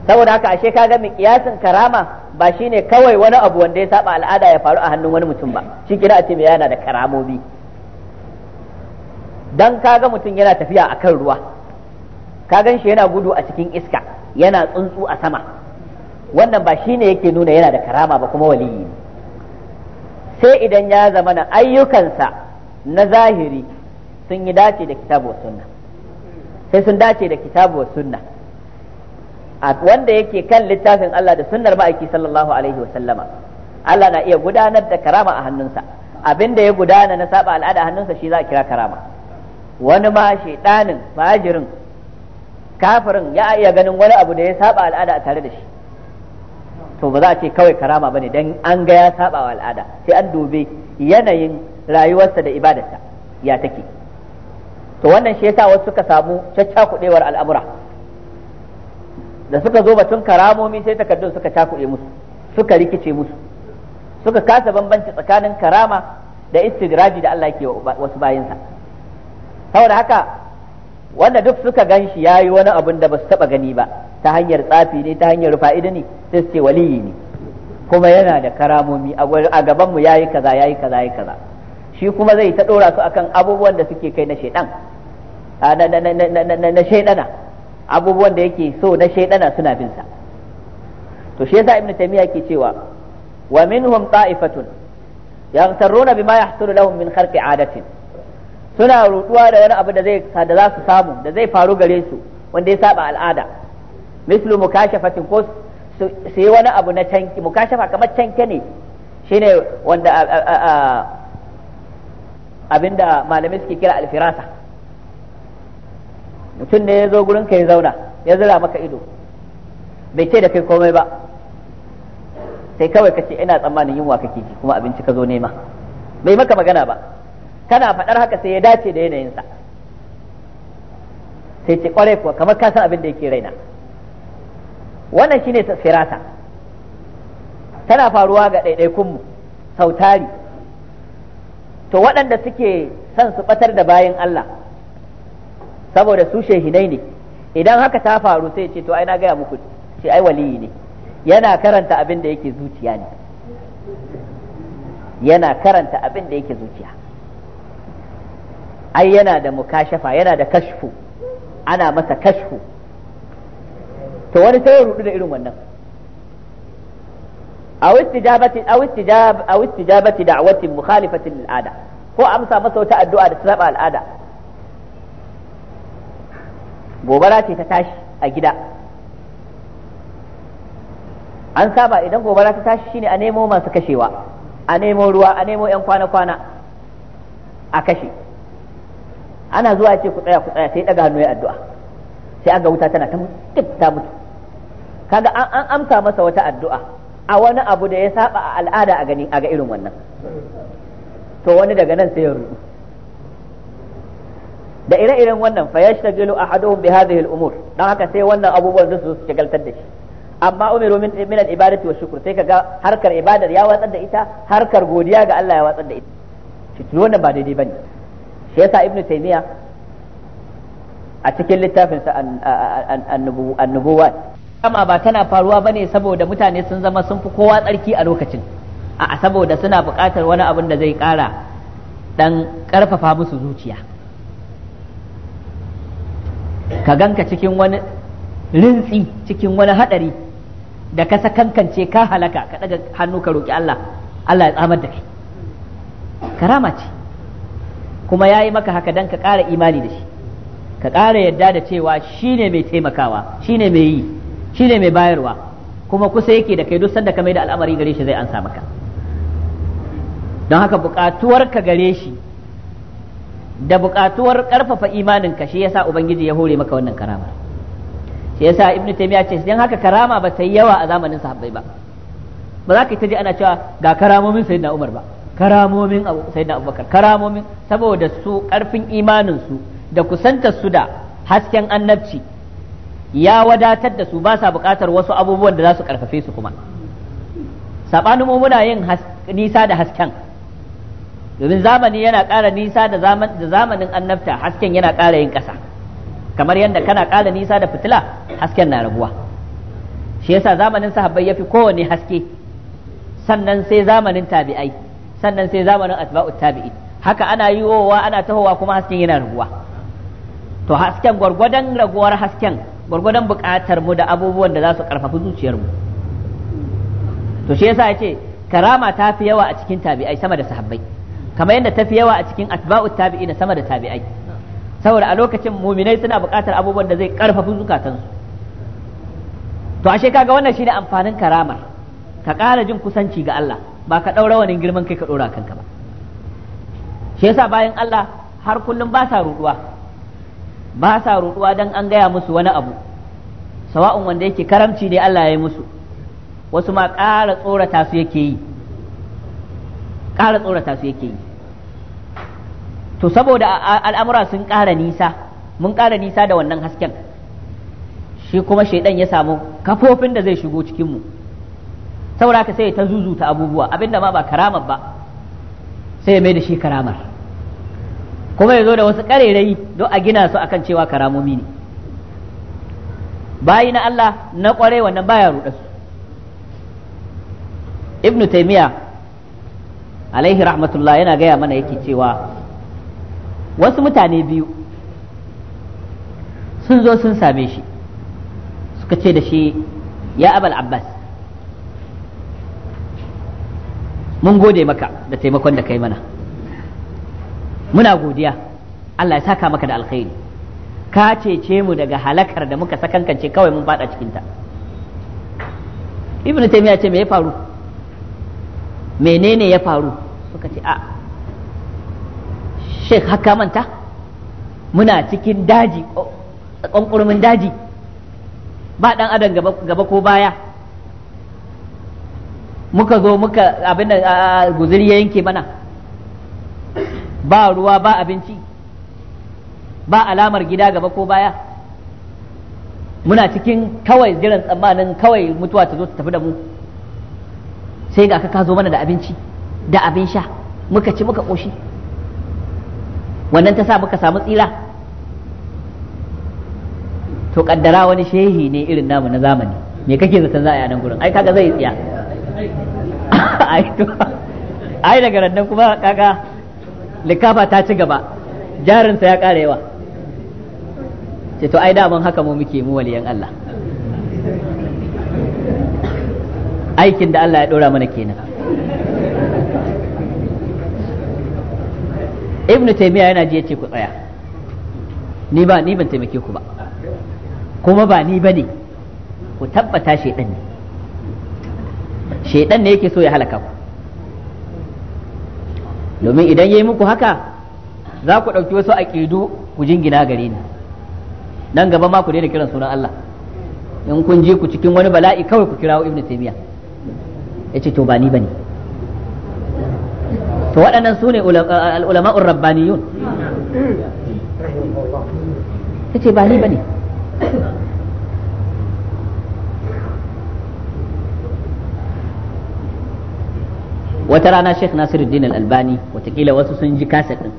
saboda haka ashe kaga mai kiyasin karama ba shine kawai wani abu wanda ya saba al'ada ya faru a hannun wani mutum ba shi kira a ce mai yana da karamomi dan kaga mutum yana tafiya a kan ruwa ka gan shi yana gudu a cikin iska yana tsuntsu a sama wannan ba shine yake nuna yana da karama ba kuma waliyi sai idan ya zama na ayyukansa na zahiri sun yi dace da kitabu sunna sai sun dace da kitabu sunna wanda yake kan littafin Allah da sunnar ma'aiki sallallahu alaihi wa sallama Allah na iya gudanar da karama a hannunsa abin da ya gudana na saba al'ada a hannunsa shi za a kira karama wani ma shaidanin fajirin kafirin ya iya ganin wani abu da ya saba al'ada a tare da shi to ba za a ce kawai karama bane dan an ga ya saba wa al'ada sai an dube yanayin rayuwarsa da ibadarsa ya take to wannan shi yasa wasu suka samu caccakudewar al'amura da suka zo batun karamomi sai takardun suka cakuɗe musu suka rikice musu suka kasa bambanci tsakanin karama da istidraji da Allah yake wasu bayansa saboda haka wanda duk suka ganshi shi ya yi wani abun da ba su taɓa gani ba ta hanyar tsafi ne ta hanyar fa'ida ne sai su ce waliyi ne kuma yana da karamomi a gabanmu ya yi kaza ya yi kaza ya yi kaza shi kuma zai ta ɗora su akan abubuwan da suke kai na shaidan na abubuwan da yake so na shaidana suna bin sa to shi yasa ibnu taymiya yake cewa wa minhum ta'ifatun yaghtaruna bima yahsulu lahum min kharqi adatin suna ruduwa da wani abu da zai da za su samu da zai faru gare su wanda ya saba al'ada mislu mukashafatin ko su yi wani abu na canki mukashafa kamar canke ne shine wanda abinda malamai suke kira alfirasa mutum ne ya zo gurin ka ya zauna ya zira maka ido bai ce da kai komai ba sai kawai ka ce ina tsammanin yunwa kake ji kuma abinci ka zo nema bai maka magana ba kana faɗar haka sai ya dace da yanayinsa sai ce kwarai kuwa kamar ka san abin da yake raina wannan shine sirata tana faruwa ga ɗaiɗaikunmu sautari to waɗanda suke son su batar da bayan Allah saboda su shehinai ne idan haka ta faru sai ce to ai na gaya muku ce ai waliyi ne yana karanta abin da yake zuciya ne yana karanta abin da yake zuciya ai yana da mukashafa yana da kashfu ana masa kashfu to wani sai ya rudu da irin wannan aw istijabati aw istijab aw istijabati da'watin mukhalifatin lil ko amsa masa wata addu'a da ta saba al'ada gobara ce ta tashi a gida an saba idan gobara ta tashi shine a nemo masu kashewa a nemo ruwa a nemo 'yan kwana-kwana a kashe ana zuwa ce ku tsaya ku tsaya sai daga hannu ya addu'a sai ga wuta tana ta mutu ta mutu kaga an amsa masa wata addu'a a wani abu da ya saba a al'ada a gani a ga irin wannan to wani daga nan sai ya rubu da ire-iren wannan fa yashtagilu ahaduhum bi hadhihi al-umur dan haka sai wannan abubuwan su su shagaltar da shi amma umiru min min al-ibadati wa shukr sai kaga harkar ibadar ya watsar da ita harkar godiya ga Allah ya watsar da ita shi wannan ba daidai bane shi yasa ibnu taymiya a cikin littafin sa an nubuwa kama ba tana faruwa bane saboda mutane sun zama sun fi kowa tsarki a lokacin a saboda suna buƙatar wani abin da zai ƙara dan ƙarfafa musu zuciya ka ganka cikin wani rintsi cikin wani hadari da ka sakankance ka halaka ka daga hannu ka roki Allah Allah ya tsamar da kai karama ce kuma yayi maka haka dan ka ƙara imani da shi ka ƙara yadda da cewa shine mai taimakawa shine mai yi shine mai bayarwa kuma kusa yake da kai duk sanda ka mai da al'amari gare shi zai ansa maka don haka ka gare shi da buƙatuwar ƙarfafa imaninka shi yasa ubangiji ya hore maka wannan karama shi yasa ibnu taymiya ce dan haka karama ba ta yi yawa a zamanin sahabbai ba ba za ka ji ana cewa ga karamomin sayyidina umar ba karamomin sayyidina abubakar karamomin saboda su ƙarfin imanin su da kusantar su da hasken annabci ya wadatar da su ba sa buƙatar wasu abubuwan da za su ƙarfafe su kuma sabanin mu muna yin nisa da hasken domin zamani yana ƙara nisa da zamanin annabta hasken yana ƙara yin ƙasa kamar yadda kana ƙara nisa da fitila hasken na raguwa shi yasa zamanin sahabbai yafi kowane haske sannan sai zamanin tabi'ai sannan sai zamanin atba'ut tabi'i haka ana wa ana tahowa kuma hasken yana raguwa to hasken gwargwadon raguwar hasken gwargwadon buƙatar mu da abubuwan da za su ƙarfafa zuciyar mu to shi yasa ce karama ta fi yawa a cikin tabi'ai sama da sahabbai kamar yadda ta fi yawa a cikin tabi'i na sama da tabi'ai saboda a lokacin muminai suna buƙatar abubuwan da zai ƙarfafi zukatansu to ashe kaga wannan shine amfanin karamar ka ƙara jin kusanci ga Allah ba ka ɗaura wani girman kai ka ɗora kanka ba shi yasa bayan Allah har kullum ba sa ruɗuwa ba sa ruɗuwa dan an gaya musu wani abu sawa'un wanda yake karamci ne Allah ya yi musu wasu ma ƙara tsorata su yake yi ƙara tsorata su yake yi to saboda al'amura sun ƙara nisa mun ƙara nisa da wannan hasken shi kuma shaidan ya samu kafofin da zai shigo cikinmu saboda ka sai ta zuzuta abubuwa abinda ma ba karamar ba sai ya mai da shi karamar kuma ya zo da wasu ƙarerai don a gina su akan cewa karamomi ne bayi na Allah na ƙware wannan baya ruɗa su ibnu taimiya alaihi rahmatullah yana gaya mana yake cewa wasu mutane biyu sun zo sun same shi suka ce da shi ya abal abbas mun gode maka da taimakon da kai mana muna godiya Allah ya saka maka da alkhairi ka cece mu daga halakar da muka sakankance kawai mun fada cikinta ibnu taymiya ce me ya faru menene ya faru suka ce a ah, sheikh haka manta muna cikin daji ƙwanƙurmin daji ba ɗan adam gaba ko baya muka zo muka abin da guziri ya yanke mana ba ruwa ba abinci ba alamar gida gaba ko baya muna cikin kawai jiran tsammanin kawai mutuwa ta zo ta tafi da mu sai ga ka zo mana da abinci da abin sha muka ci muka ƙoshi wannan ta sa muka samu tsira to kaddara wani shehi ne irin namu na zamani me kake zaton za a yi a nan gurin ai kaga zai tsiya ai daga rannan kuma kaga likafa ta ci gaba jarinsa ya ƙara yawa ce to ai daman haka mu muke mu waliyan Allah aikin da Allah ya ɗora mana kenan ibnu taymiya yana ji yace ku tsaya ni ba ni ban taimake ku ba kuma ba ni bane ku tabbata shedan ne shedan ne yake so ya halaka ku domin idan ya yi muku haka za ku ɗauki wasu aƙidu ku jingina gare ni nan gaba ma ku daina kiran sunan Allah in kun je ku cikin wani bala'i kawai ku kirawo ibnu taymiya yace to ba ni bane to waɗannan su ne ulama'ur rabbaniyun ta ce ba ni ba ne wata rana sheikh nasiruddin al-albani watakila wasu sun ji kasa din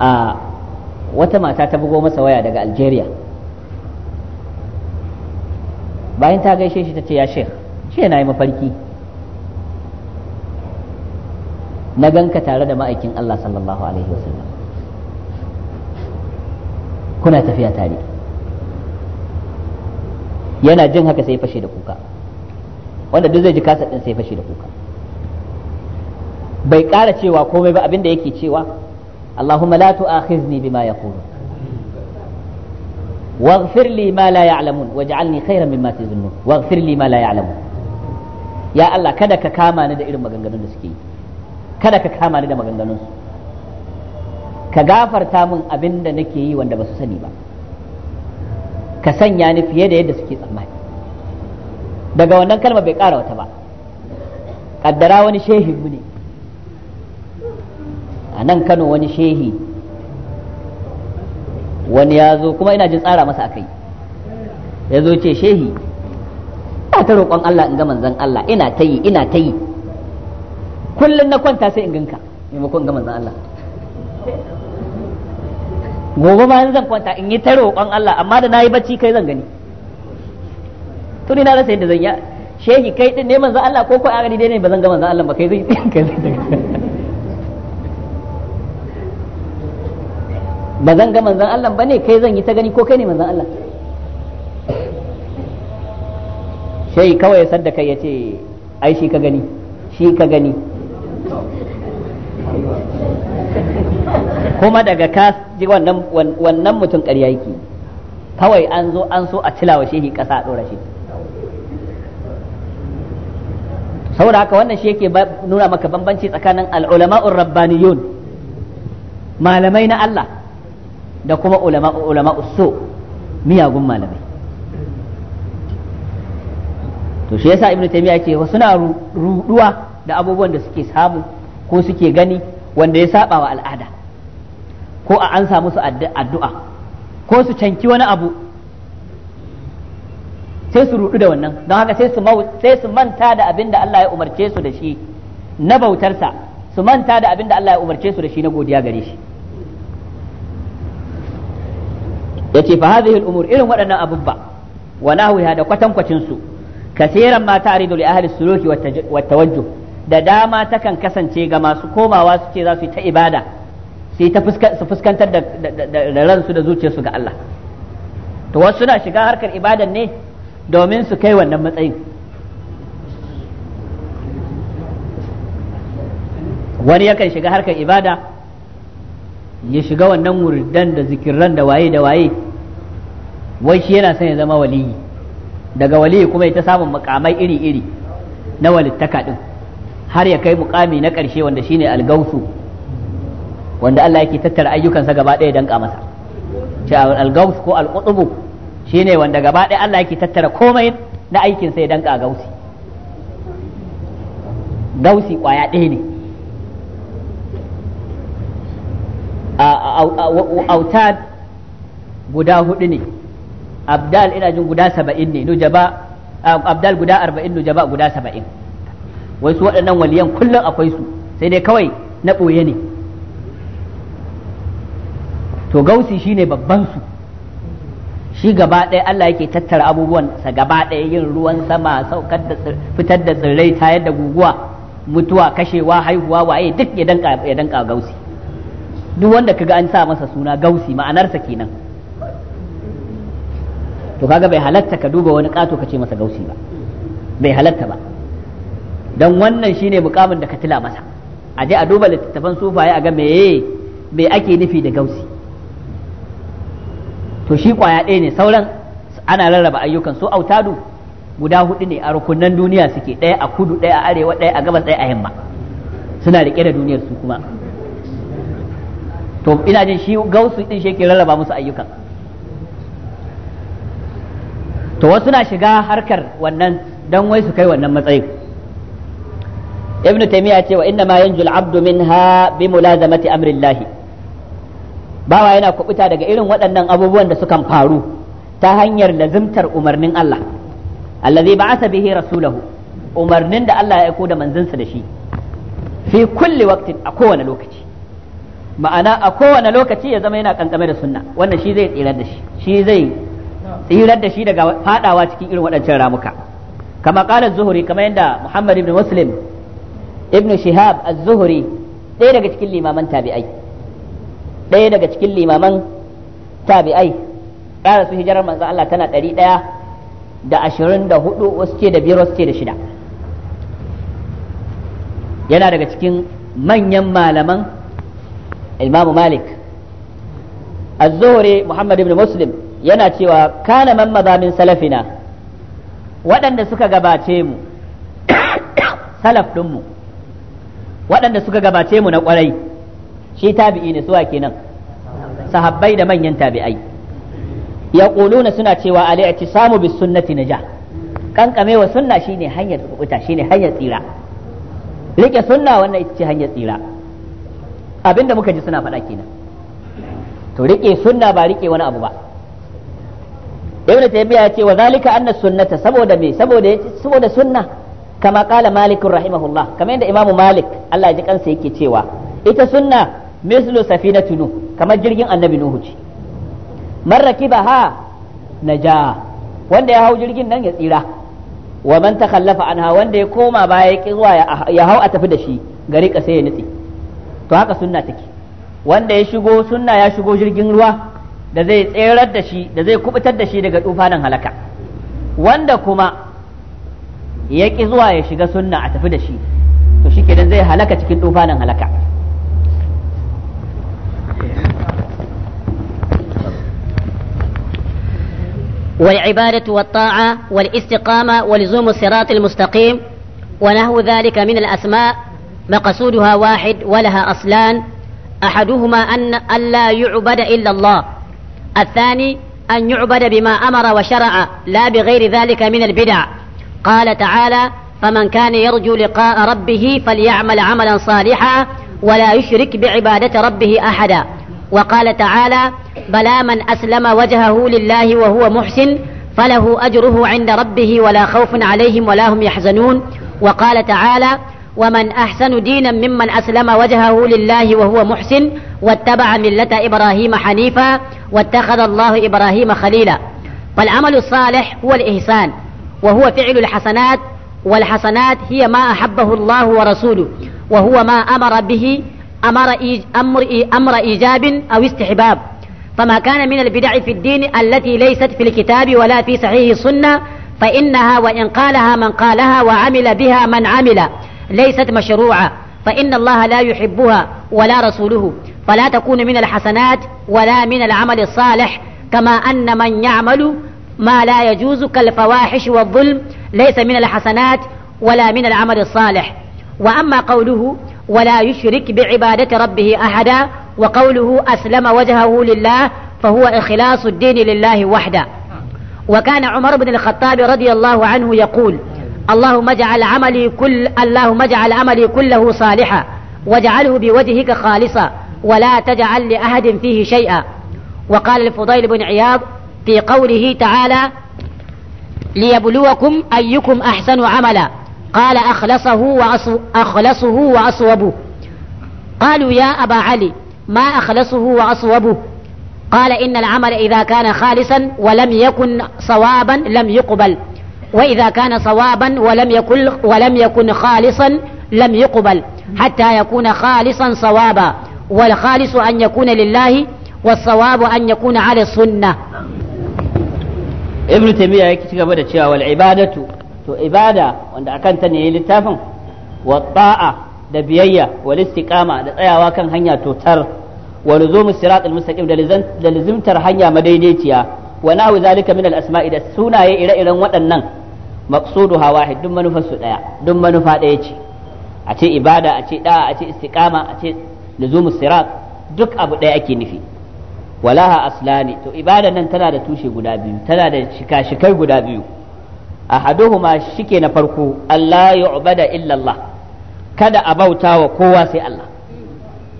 a wata mata ta bugo masa waya daga algeria bayan ta gaishe shi ta ce ya sheikh shi yana yi mafarki na ganka tare da ma'aikin Allah sallallahu alaihi wasallam kuna tafiya tare yana jin haka sai fashe da kuka wanda duk zai ji kasa din sai fashe da kuka bai ƙara cewa komai ba abinda yake cewa Allahumma la tu'akhizni bima yaqulu واغفر لي ما لا يعلمون واجعلني خيرا مما تظنون واغفر لي ما لا يعلمون ya Allah kada ka kama ni da irin maganganun da suke yi kada ka kama ni da maganganunsu ka gafarta min abin da nake yi wanda ba su sani ba ka sanya ni fiye da yadda suke tsammani daga wannan kalma bai ƙara wata ba ƙaddara wani shehinmu ne a nan kano wani shehi wani ya zo kuma ina jin tsara masa akai ya zo ce shehi ta roƙon Allah in ga manzan Allah ina ta yi ina ta yi kullum na kwanta sai in ganka maimakon ga manzon Allah gobe ma zan kwanta in yi ta roƙon Allah amma da nayi bacci kai zan gani to ni na rasa yadda zan ya shehi kai din ne manzon Allah ko ko a gani dai ne ba zan ga manzon Allah ba kai zai kai zai ba zan ga manzon Allah ba ne kai zan yi ta gani ko kai ne manzon Allah shehi kawai ya sadda kai ya ce ai shi ka gani shi ka gani kuma daga ka ji wannan mutum karya yake kawai an zo an so a cilawa shehi ƙasa a ɗora shi saboda haka wannan shi yake nuna maka bambanci tsakanin al'ulama'ur rabbaniyun malamai na Allah da kuma ulama so miyagun malamai to shi yasa ibnu taymiya yake suna ruduwa da abubuwan da suke samu ko suke gani wanda ya saba wa al'ada ko a an samu su addu'a ko su canki wani abu sai su rudu da wannan don haka sai su manta da abin da Allah ya umarce su da shi na bautarsa su manta da abin da Allah ya umarce su da shi na godiya gare shi yace fa hadhihi al-umur irin waɗannan abubba wa nahwiha da kwatankwacin su kaseeran ma ta'ridu li ahli suluki wat tawajjuh da dama takan kasance ga masu komawa su ce za su yi ta ibada su ta fuskantar da ransu da zuciyarsu ga Allah to wasu suna shiga harkar ibadan ne domin su kai wannan matsayin wani yakan shiga harkar ibada ya shiga wannan wurdan da zikirran da waye da waye wai shi yana son ya zama waliyi daga waliyi kuma ya ta samun makamai iri-iri na walittaka din har ya kai mukami na ƙarshe wanda shine algausu wanda Allah yake tattara ayyukansa gaba ɗaya danka masa cewa algaus ko alqutubu shine wanda gaba ɗaya Allah yake tattara komai na aikinsa ya danka gausi gausi kwaya ɗaya ne autad guda hudu ne abdal ina jin guda saba'in ne nujaba abdal guda arba'in nujaba guda saba'in wai su waɗannan waliyan kullum akwai su sai dai kawai na ɓoye ne to gausi shine babban su shi gaba ɗaya Allah yake tattara abubuwan sa gaba ɗaya yin ruwan sama saukar da fitar da tsirrai tayar da guguwa mutuwa kashewa haihuwa waye duk ya danka ya danka gausi duk wanda kaga an sa masa suna gausi ma'anarsa kenan to kaga bai halatta ka duba wani kato ka ce masa gausi ba bai halatta ba dan wannan shine mukamin da ka tila masa a je a duba littattafan sufaye a ga meye me ake nufi da gausi to shi kwaya ɗaya ne sauran ana rarraba ayyukan su autadu guda hudu ne a rukunan duniya suke ɗaya a kudu ɗaya a arewa ɗaya a gabas ɗaya a yamma suna riƙe da duniyar su kuma to ina jin shi gausu din shi yake rarraba musu ayyukan to wasu na shiga harkar wannan don wai su kai wannan matsayin ibn taymiya cewa inna ma yanjul ha minha bi mulazamati amrillahi bawa yana kubuta daga irin waɗannan abubuwan da sukan faru ta hanyar lazimtar umarnin Allah allazi ba'atha bihi rasulahu umarnin da Allah ya aiko da manzansa da shi fi kulli waqtin a kowane lokaci ma'ana a kowane lokaci ya zama yana kankane da sunna wannan shi zai tsirar da shi shi zai tsirar da shi daga fadawa cikin irin waɗancan ramuka kama qala zuhuri kamar yadda Muhammad ibn Muslim ابن shihab الزهري ɗaya daga cikin limaman tabi'ai ɗaya daga cikin limaman tabi'ai ƙara su hijirar manzo Allah tana ɗari ɗaya da ashirin da hudu wasu ce da biyar wasu ce da shida yana daga cikin manyan malaman imamu malik az-zuhri muhammad ibn muslim yana cewa kana man mazamin salafina waɗanda suka gabace mu salaf ɗinmu mu waɗanda suka gabace mu na ƙwarai shi tabi'i ne suwa kenan sahabbai da manyan tabi'ai ƙuluna suna cewa ci samu bis sunnati ja, kankame wa sunna shine hanyar kubuta shine hanyar tsira rike sunna wannan ita ce hanyar tsira abinda muka ji suna faɗa kenan to rike sunna ba rike wani abu ba ibnu taymiya ya ce wa zalika anna sunnata saboda me saboda saboda sunna kama kala malikun rahimahullah kamar yadda imamu malik Allah ji kansa yake cewa ita sunna mislu safinatu nuh kamar jirgin annabi nuhu ce man rakibaha naja wanda ya hau jirgin nan ya tsira wa man takhallafa anha wanda ya koma baya ya zuwa ya hau a tafi da shi gari ka sai ya nutse to haka sunna take wanda ya shigo sunna ya shigo jirgin ruwa da zai tserar da shi da zai kubutar da shi daga tufanin halaka wanda kuma ya ki zuwa ya shiga sunna a tafi da shi to shi kenan zai halaka cikin dufanin halaka والعبادة والطاعة والاستقامة ولزوم الصراط المستقيم ونحو ذلك من الأسماء مقصودها واحد ولها أصلان أحدهما أن ألا يعبد إلا الله الثاني أن يعبد بما أمر وشرع لا بغير ذلك من البدع قال تعالى فمن كان يرجو لقاء ربه فليعمل عملا صالحا ولا يشرك بعبادة ربه أحدا وقال تعالى بلى من أسلم وجهه لله وهو محسن فله أجره عند ربه ولا خوف عليهم ولا هم يحزنون وقال تعالى ومن أحسن دينا ممن أسلم وجهه لله وهو محسن واتبع ملة إبراهيم حنيفا واتخذ الله إبراهيم خليلا فالعمل الصالح هو الإحسان وهو فعل الحسنات والحسنات هي ما أحبه الله ورسوله وهو ما أمر به أمر, إيج أمر, أمر إيجاب أو استحباب فما كان من البدع في الدين التي ليست في الكتاب ولا في صحيح السنة فإنها وإن قالها من قالها وعمل بها من عمل ليست مشروعة فإن الله لا يحبها ولا رسوله فلا تكون من الحسنات ولا من العمل الصالح كما أن من يعمل ما لا يجوز كالفواحش والظلم ليس من الحسنات ولا من العمل الصالح وأما قوله ولا يشرك بعبادة ربه أحدا وقوله أسلم وجهه لله فهو إخلاص الدين لله وحده وكان عمر بن الخطاب رضي الله عنه يقول اللهم اجعل عملي كل اللهم اجعل عملي كله صالحا واجعله بوجهك خالصا ولا تجعل لأحد فيه شيئا وقال الفضيل بن عياض في قوله تعالى ليبلوكم أيكم أحسن عملا قال أخلصه, وأصو أخلصه وأصوبه قالوا يا أبا علي ما أخلصه وأصوبه قال إن العمل إذا كان خالصا ولم يكن صوابا لم يقبل وإذا كان صوابا ولم يكن ولم يكن خالصا لم يقبل حتى يكون خالصا صوابا والخالص أن يكون لله والصواب أن يكون على السنة ibnu taymiya yake cigaba da cewa wal ibadatu to ibada wanda akan ta ne yi littafin wa ta'a da biyayya wal istiqama da tsayawa kan hanya totar wa luzumu siratal mustaqim da lizimtar hanya madaidaiciya wa na'u zalika min al asma'i da sunaye ire-iren waɗannan maqsuduha wahid dun manufar su daya dun manufa daya ce a ce ibada a ce da'a a ce istiqama a ce luzumu sirat duk abu daya ake nufi walaha aslani to ibada nan tana da tushe guda biyu tana da shika-shikai guda biyu ahaduhuma shike na farko Allah yu'bada illa Allah kada a bauta wa kowa sai Allah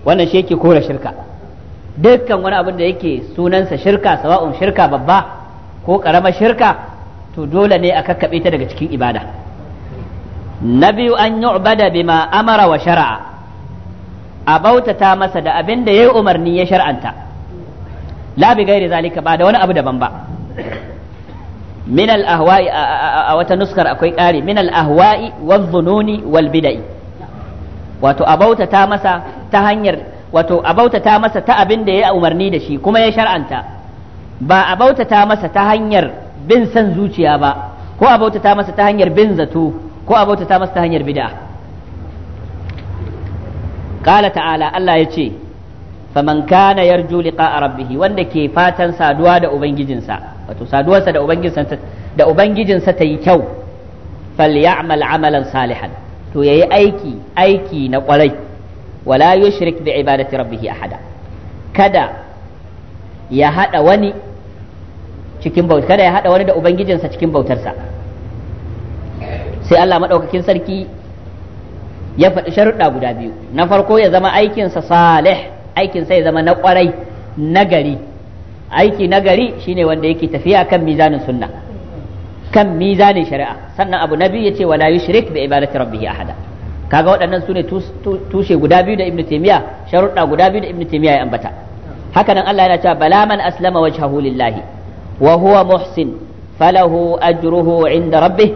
wannan shi yake shirka dukkan wani abin da yake sunansa shirka sawa'un shirka babba ko karamar shirka to dole ne a kakkabe ta daga cikin ibada na biyu an yu'bada bima amara wa shara'a a bautata masa da abin da yayi umarni ya shar'anta labi bi gairi zalika ba da wani abu daban ba min al ahwa'i a wata nuskar akwai ƙari min al ahwa'i wal dhununi wal bid'i wato abauta ta masa ta hanyar wato abauta ta masa ta abin da ya umarni da shi kuma ya shar'anta ba abauta ta masa ta hanyar bin san zuciya ba ko abauta ta masa ta hanyar bin zato ko abauta ta masa ta hanyar bid'a qala ta'ala Allah ya faman kana yarju liqa'a rabbih wanda ke fatan saduwa da ubangijinsa wato saduwarsa da ubangijinsa da ubangijinsa ta yi kyau falyamal amalan salihan to yayi aiki aiki na kwarai wala yushrik bi ibadati rabbih ahada kada ya hada wani cikin bautar kada ya hada wani da ubangijinsa cikin bautar sa sai Allah madaukakin sarki ya faɗi sharuɗa guda biyu na farko ya zama aikin sa salih aikin sai zama na kwarai nagari aiki nagari shine wanda yake tafiya kan mizanin sunna kan mizanin shari'a sannan abu nabi yace wala yushrik bi ibadati rabbih ahada kaga waɗannan sune tushe guda biyu da ibnu taymiya sharuɗa guda biyu da ibnu taymiya ya ambata haka nan Allah yana cewa bala man aslama wajhahu lillahi wa huwa muhsin falahu ajruhu inda rabbih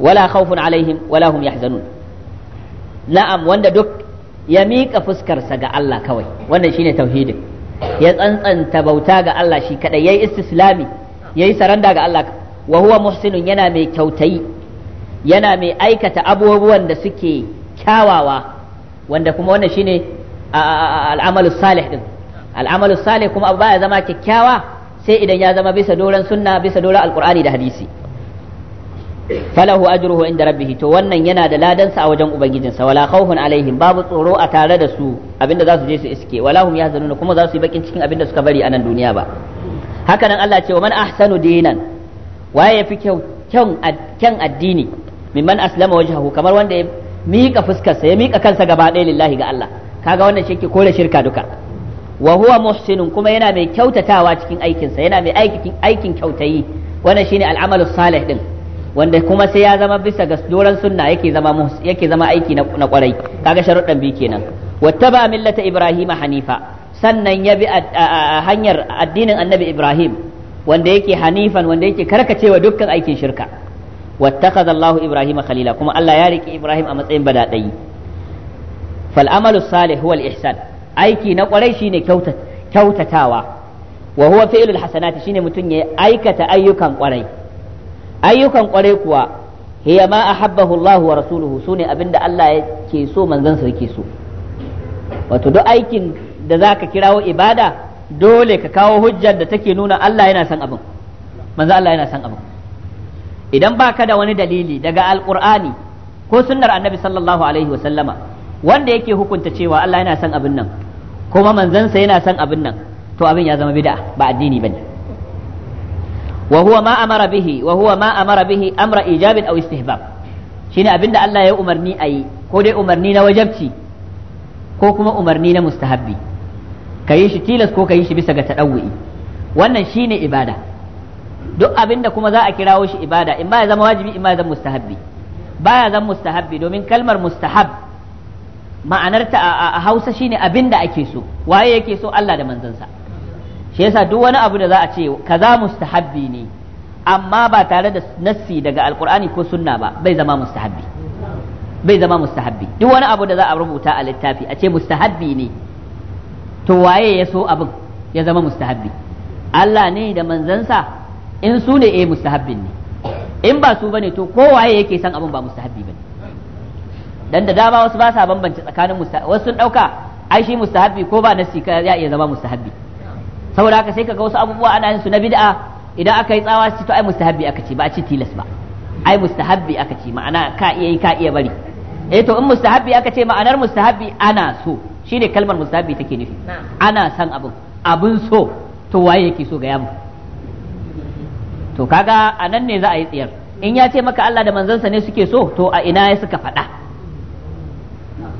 wala khawfun alaihim wala hum yahzanun na'am wanda duk ya miƙa fuskarsa ga Allah kawai wannan shine tauhidin ya tsantsanta bauta ga Allah shi kadai yayi istislami yayi saranda ga Allah wa huwa muhsinun yana mai kyautayi yana mai aikata abubuwan da suke kyawawa wanda kuma wannan shine al'amalu salih din al'amalus salih kuma baya zama kyakkyawa sai idan ya zama bisa doran sunna bisa doran alqur'ani da hadisi falahu ajruhu inda rabbih to wannan yana da ladansa a wajen ubangijinsa wala khawfun alaihim babu tsoro a tare da su abinda za su je su iske wala hum yahzanuna kuma zasu su yi bakin cikin abinda suka bari a nan duniya ba haka nan Allah ce wa man ahsanu dinan waye yafi kyau kyan addini mimman aslama wajhahu kamar wanda ya mika fuskarsa ya mika kansa gaba ɗaya lillahi ga Allah kaga wannan shi yake kore shirka duka wa huwa muhsinun kuma yana mai kyautatawa cikin aikinsa yana mai aikin aikin kyautayi wannan shine al'amalu salih din wanda kuma sai ya zama bisa ga doran sunna yake zama yake zama aiki na kwarai kaga sharuɗan bi kenan wattaba millata ibrahima hanifa sannan ya bi hanyar addinin annabi ibrahim wanda yake hanifan wanda yake karkacewa dukkan aikin shirka wattakaza Allah Ibrahim khalila kuma Allah ya riki Ibrahim a matsayin badadai fal amalu salih huwa al ihsan aiki na kwarai shine kyautatawa wa huwa fi'lul hasanati shine mutun ya aikata ayyukan kwarai ayyukan kwarai kuwa hiya ma ahabbahu Allah wa rasuluhu sune abinda Allah yake so manzon sa yake so wato duk aikin da zaka kirawo ibada dole ka kawo hujjar da take nuna Allah yana son abin manzon Allah yana son abin idan baka da wani dalili daga alqur'ani ko sunnar annabi sallallahu alaihi wa sallama wanda yake hukunta cewa Allah yana son abin nan kuma manzansa yana son abin nan to abin ya zama bid'a ba addini bane wa huwa ma amara bihi wa huwa ma amara bihi amra ijabin aw istihbab shine abinda Allah ya umarni ayi ko dai umarni na wajabci ko kuma umarni na mustahabbi kayi shi tilas ko kayi shi bisa ga tadawwi wannan shine ibada duk abinda kuma za a kirawo shi ibada in ba ya zama wajibi in ba ya zama mustahabbi baya zan mustahabbi domin kalmar mustahab ma'anarta a hausa shine abin da ake so waye yake so Allah da manzansa shi yasa duk wani abu da za a ce kaza mustahabbi ne amma ba tare da nassi daga alkur'ani ko sunna ba bai zama mustahabbi bai zama mustahabbi duk wani abu da za a rubuta a littafi a ce mustahabbi ne to waye ya so abin ya zama mustahabbi Allah ne da manzansa in su ne eh mustahabbin ne in ba su bane to ko waye yake san abin ba mustahabbi bane dan da dama wasu ba sa bambance tsakanin mustahabbi wasu sun dauka ai shi mustahabbi ko ba nassi ya iya zama mustahabbi saboda haka sai kaga wasu abubuwa ana yin su na bid'a idan aka yi tsawa ci to ai mustahabbi aka ce ba a ci tilas ba ai mustahabbi aka ce ma'ana ka iya yi ka iya bari eh to in mustahabbi aka ce ma'anar mustahabbi ana so shine kalmar mustahabbi take nufi ana san abin abin so to waye yake so ga yamu to kaga anan ne za a yi tsiyar in ya ce maka Allah da manzansa ne suke so to a ina ya suka faɗa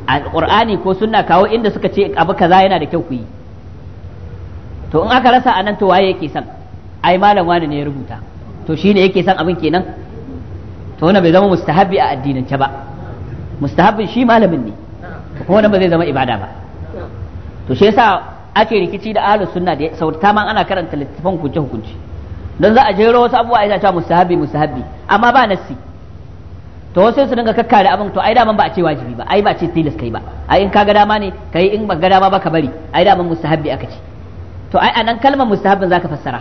al qur'ani ko sunna kawo inda suka ce abu kaza yana da kyau ku yi to in aka rasa anan to waye yake son ai malam wani ne ya rubuta to shine yake son abin kenan to wannan bai zama mustahabi a addinance ba mustahabin shi malamin ne kuma wannan ba zai zama ibada ba to shi yasa ake rikici da ahlus sunna da saurata man ana karanta littafin hukunce hukunci don za a jero wasu abubuwa yana ta mustahabi mustahabi amma ba nassi to wasu su dinga kakkare abin to ai da ba a ce wajibi ba ai ba a ce tilas kai ba ai in ka ga dama ne kai in ba ga dama ba ka bari ai daman mustahabi aka ce to ai anan kalmar mustahabin zaka fassara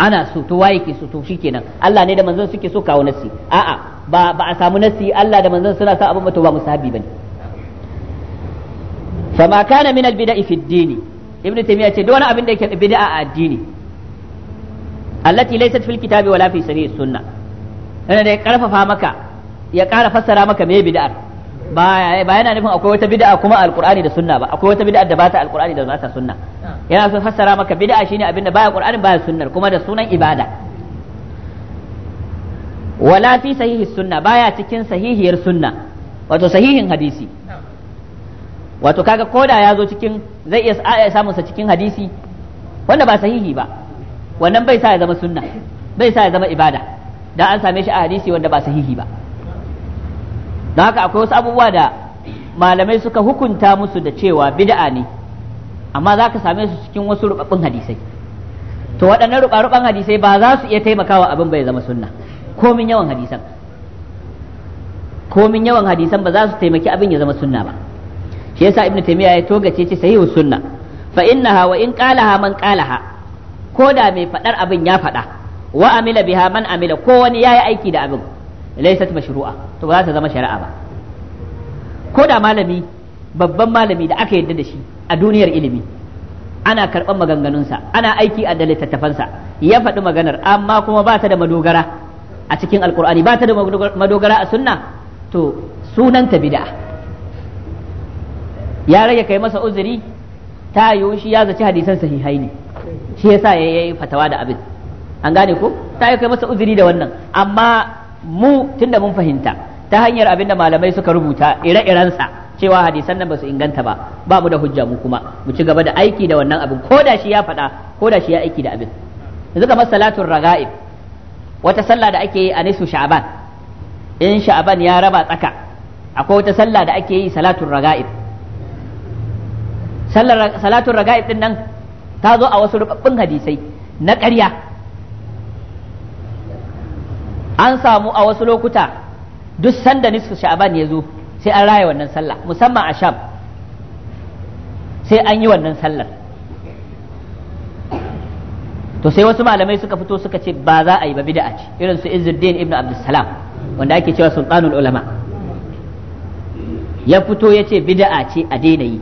ana so to waye ke so to shikenan Allah ne da manzon suke so kawo nasi a'a ba ba a samu nasi Allah da manzon suna sa abin to ba mustahabi bane fama kana min al-bida'i fi ad-dini ibnu taymiya ce da wani abin da yake bid'a a addini allati laysat fil kitabi wala fi sari'i sunna yana da ya karfafa maka ya kara fassara maka me bid'ar ba ba yana nufin akwai wata bid'a kuma alqur'ani da sunna ba akwai wata bid'a da ba ta alqur'ani da ba ta sunna ah. yana so fassara maka bid'a shine abin da baya qur'ani baya sunnar kuma da sunan ibada wala fi sahihi sunna baya cikin sahihiyar sunna wato sahihin hadisi ah. wato kaga koda ya zo cikin zai iya samun sa cikin hadisi wanda ba sahihi ba wannan bai sa ya zama sunna bai sa ya zama ibada dan an same shi a hadisi wanda ba sahihi ba don haka akwai wasu abubuwa da malamai suka hukunta musu da cewa bid'a ne amma za ka same su cikin wasu rubabbun hadisai to waɗannan rubarubban hadisai ba za su iya taimakawa abin bai zama sunna komin yawan hadisan komin yawan hadisan ba za su taimaki abin ya zama sunna ba shi yasa ibnu taymiya ya toga ce sahihu sunna fa innaha wa in qalaha man qalaha ko da mai fadar abin ya fada wa amila biha man amila ko wani yayi aiki da abin laysat mashru'a to ba za ta zama shari'a ba ko da malami babban malami da aka yarda da shi a duniyar ilimi ana karɓar maganganunsa ana aiki a da littattafansa ya faɗi maganar amma kuma ba ta da madogara a cikin alkur'ani ba ta da madogara a sunna to sunanta bid'a ya rage kai masa uzuri ta yiwu shi ya zaci hadisan sahihai ne shi yasa ya fatawa da abin an gane ko ta yi kai masa uzuri da wannan amma mu tunda mun fahimta ta hanyar abin da malamai suka rubuta ire-irensa cewa hadisan nan ba su inganta ba ba mu da hujja mu kuma mu ci gaba da aiki da wannan abin ko da shi ya faɗa ko da shi ya aiki da abin yanzu kamar salatun raga'ib wata sallah da ake yi a nisu sha'aban in sha'aban ya raba tsaka akwai wata sallah da ake yi salatun raga'ib salatun raga'ib din nan ta zo a wasu rubabbun hadisai na ƙarya an samu a wasu lokuta duk sanda nisfu sha'aban ya zo sai an raya wannan sallah musamman a sham sai an yi wannan sallar to sai wasu malamai suka fito suka ce ba za a yi ba bid'a ce irin su Izzuddin ibn Abdussalam wanda ake cewa sultanul ulama ya fito ya ce bid'a ce a daina yi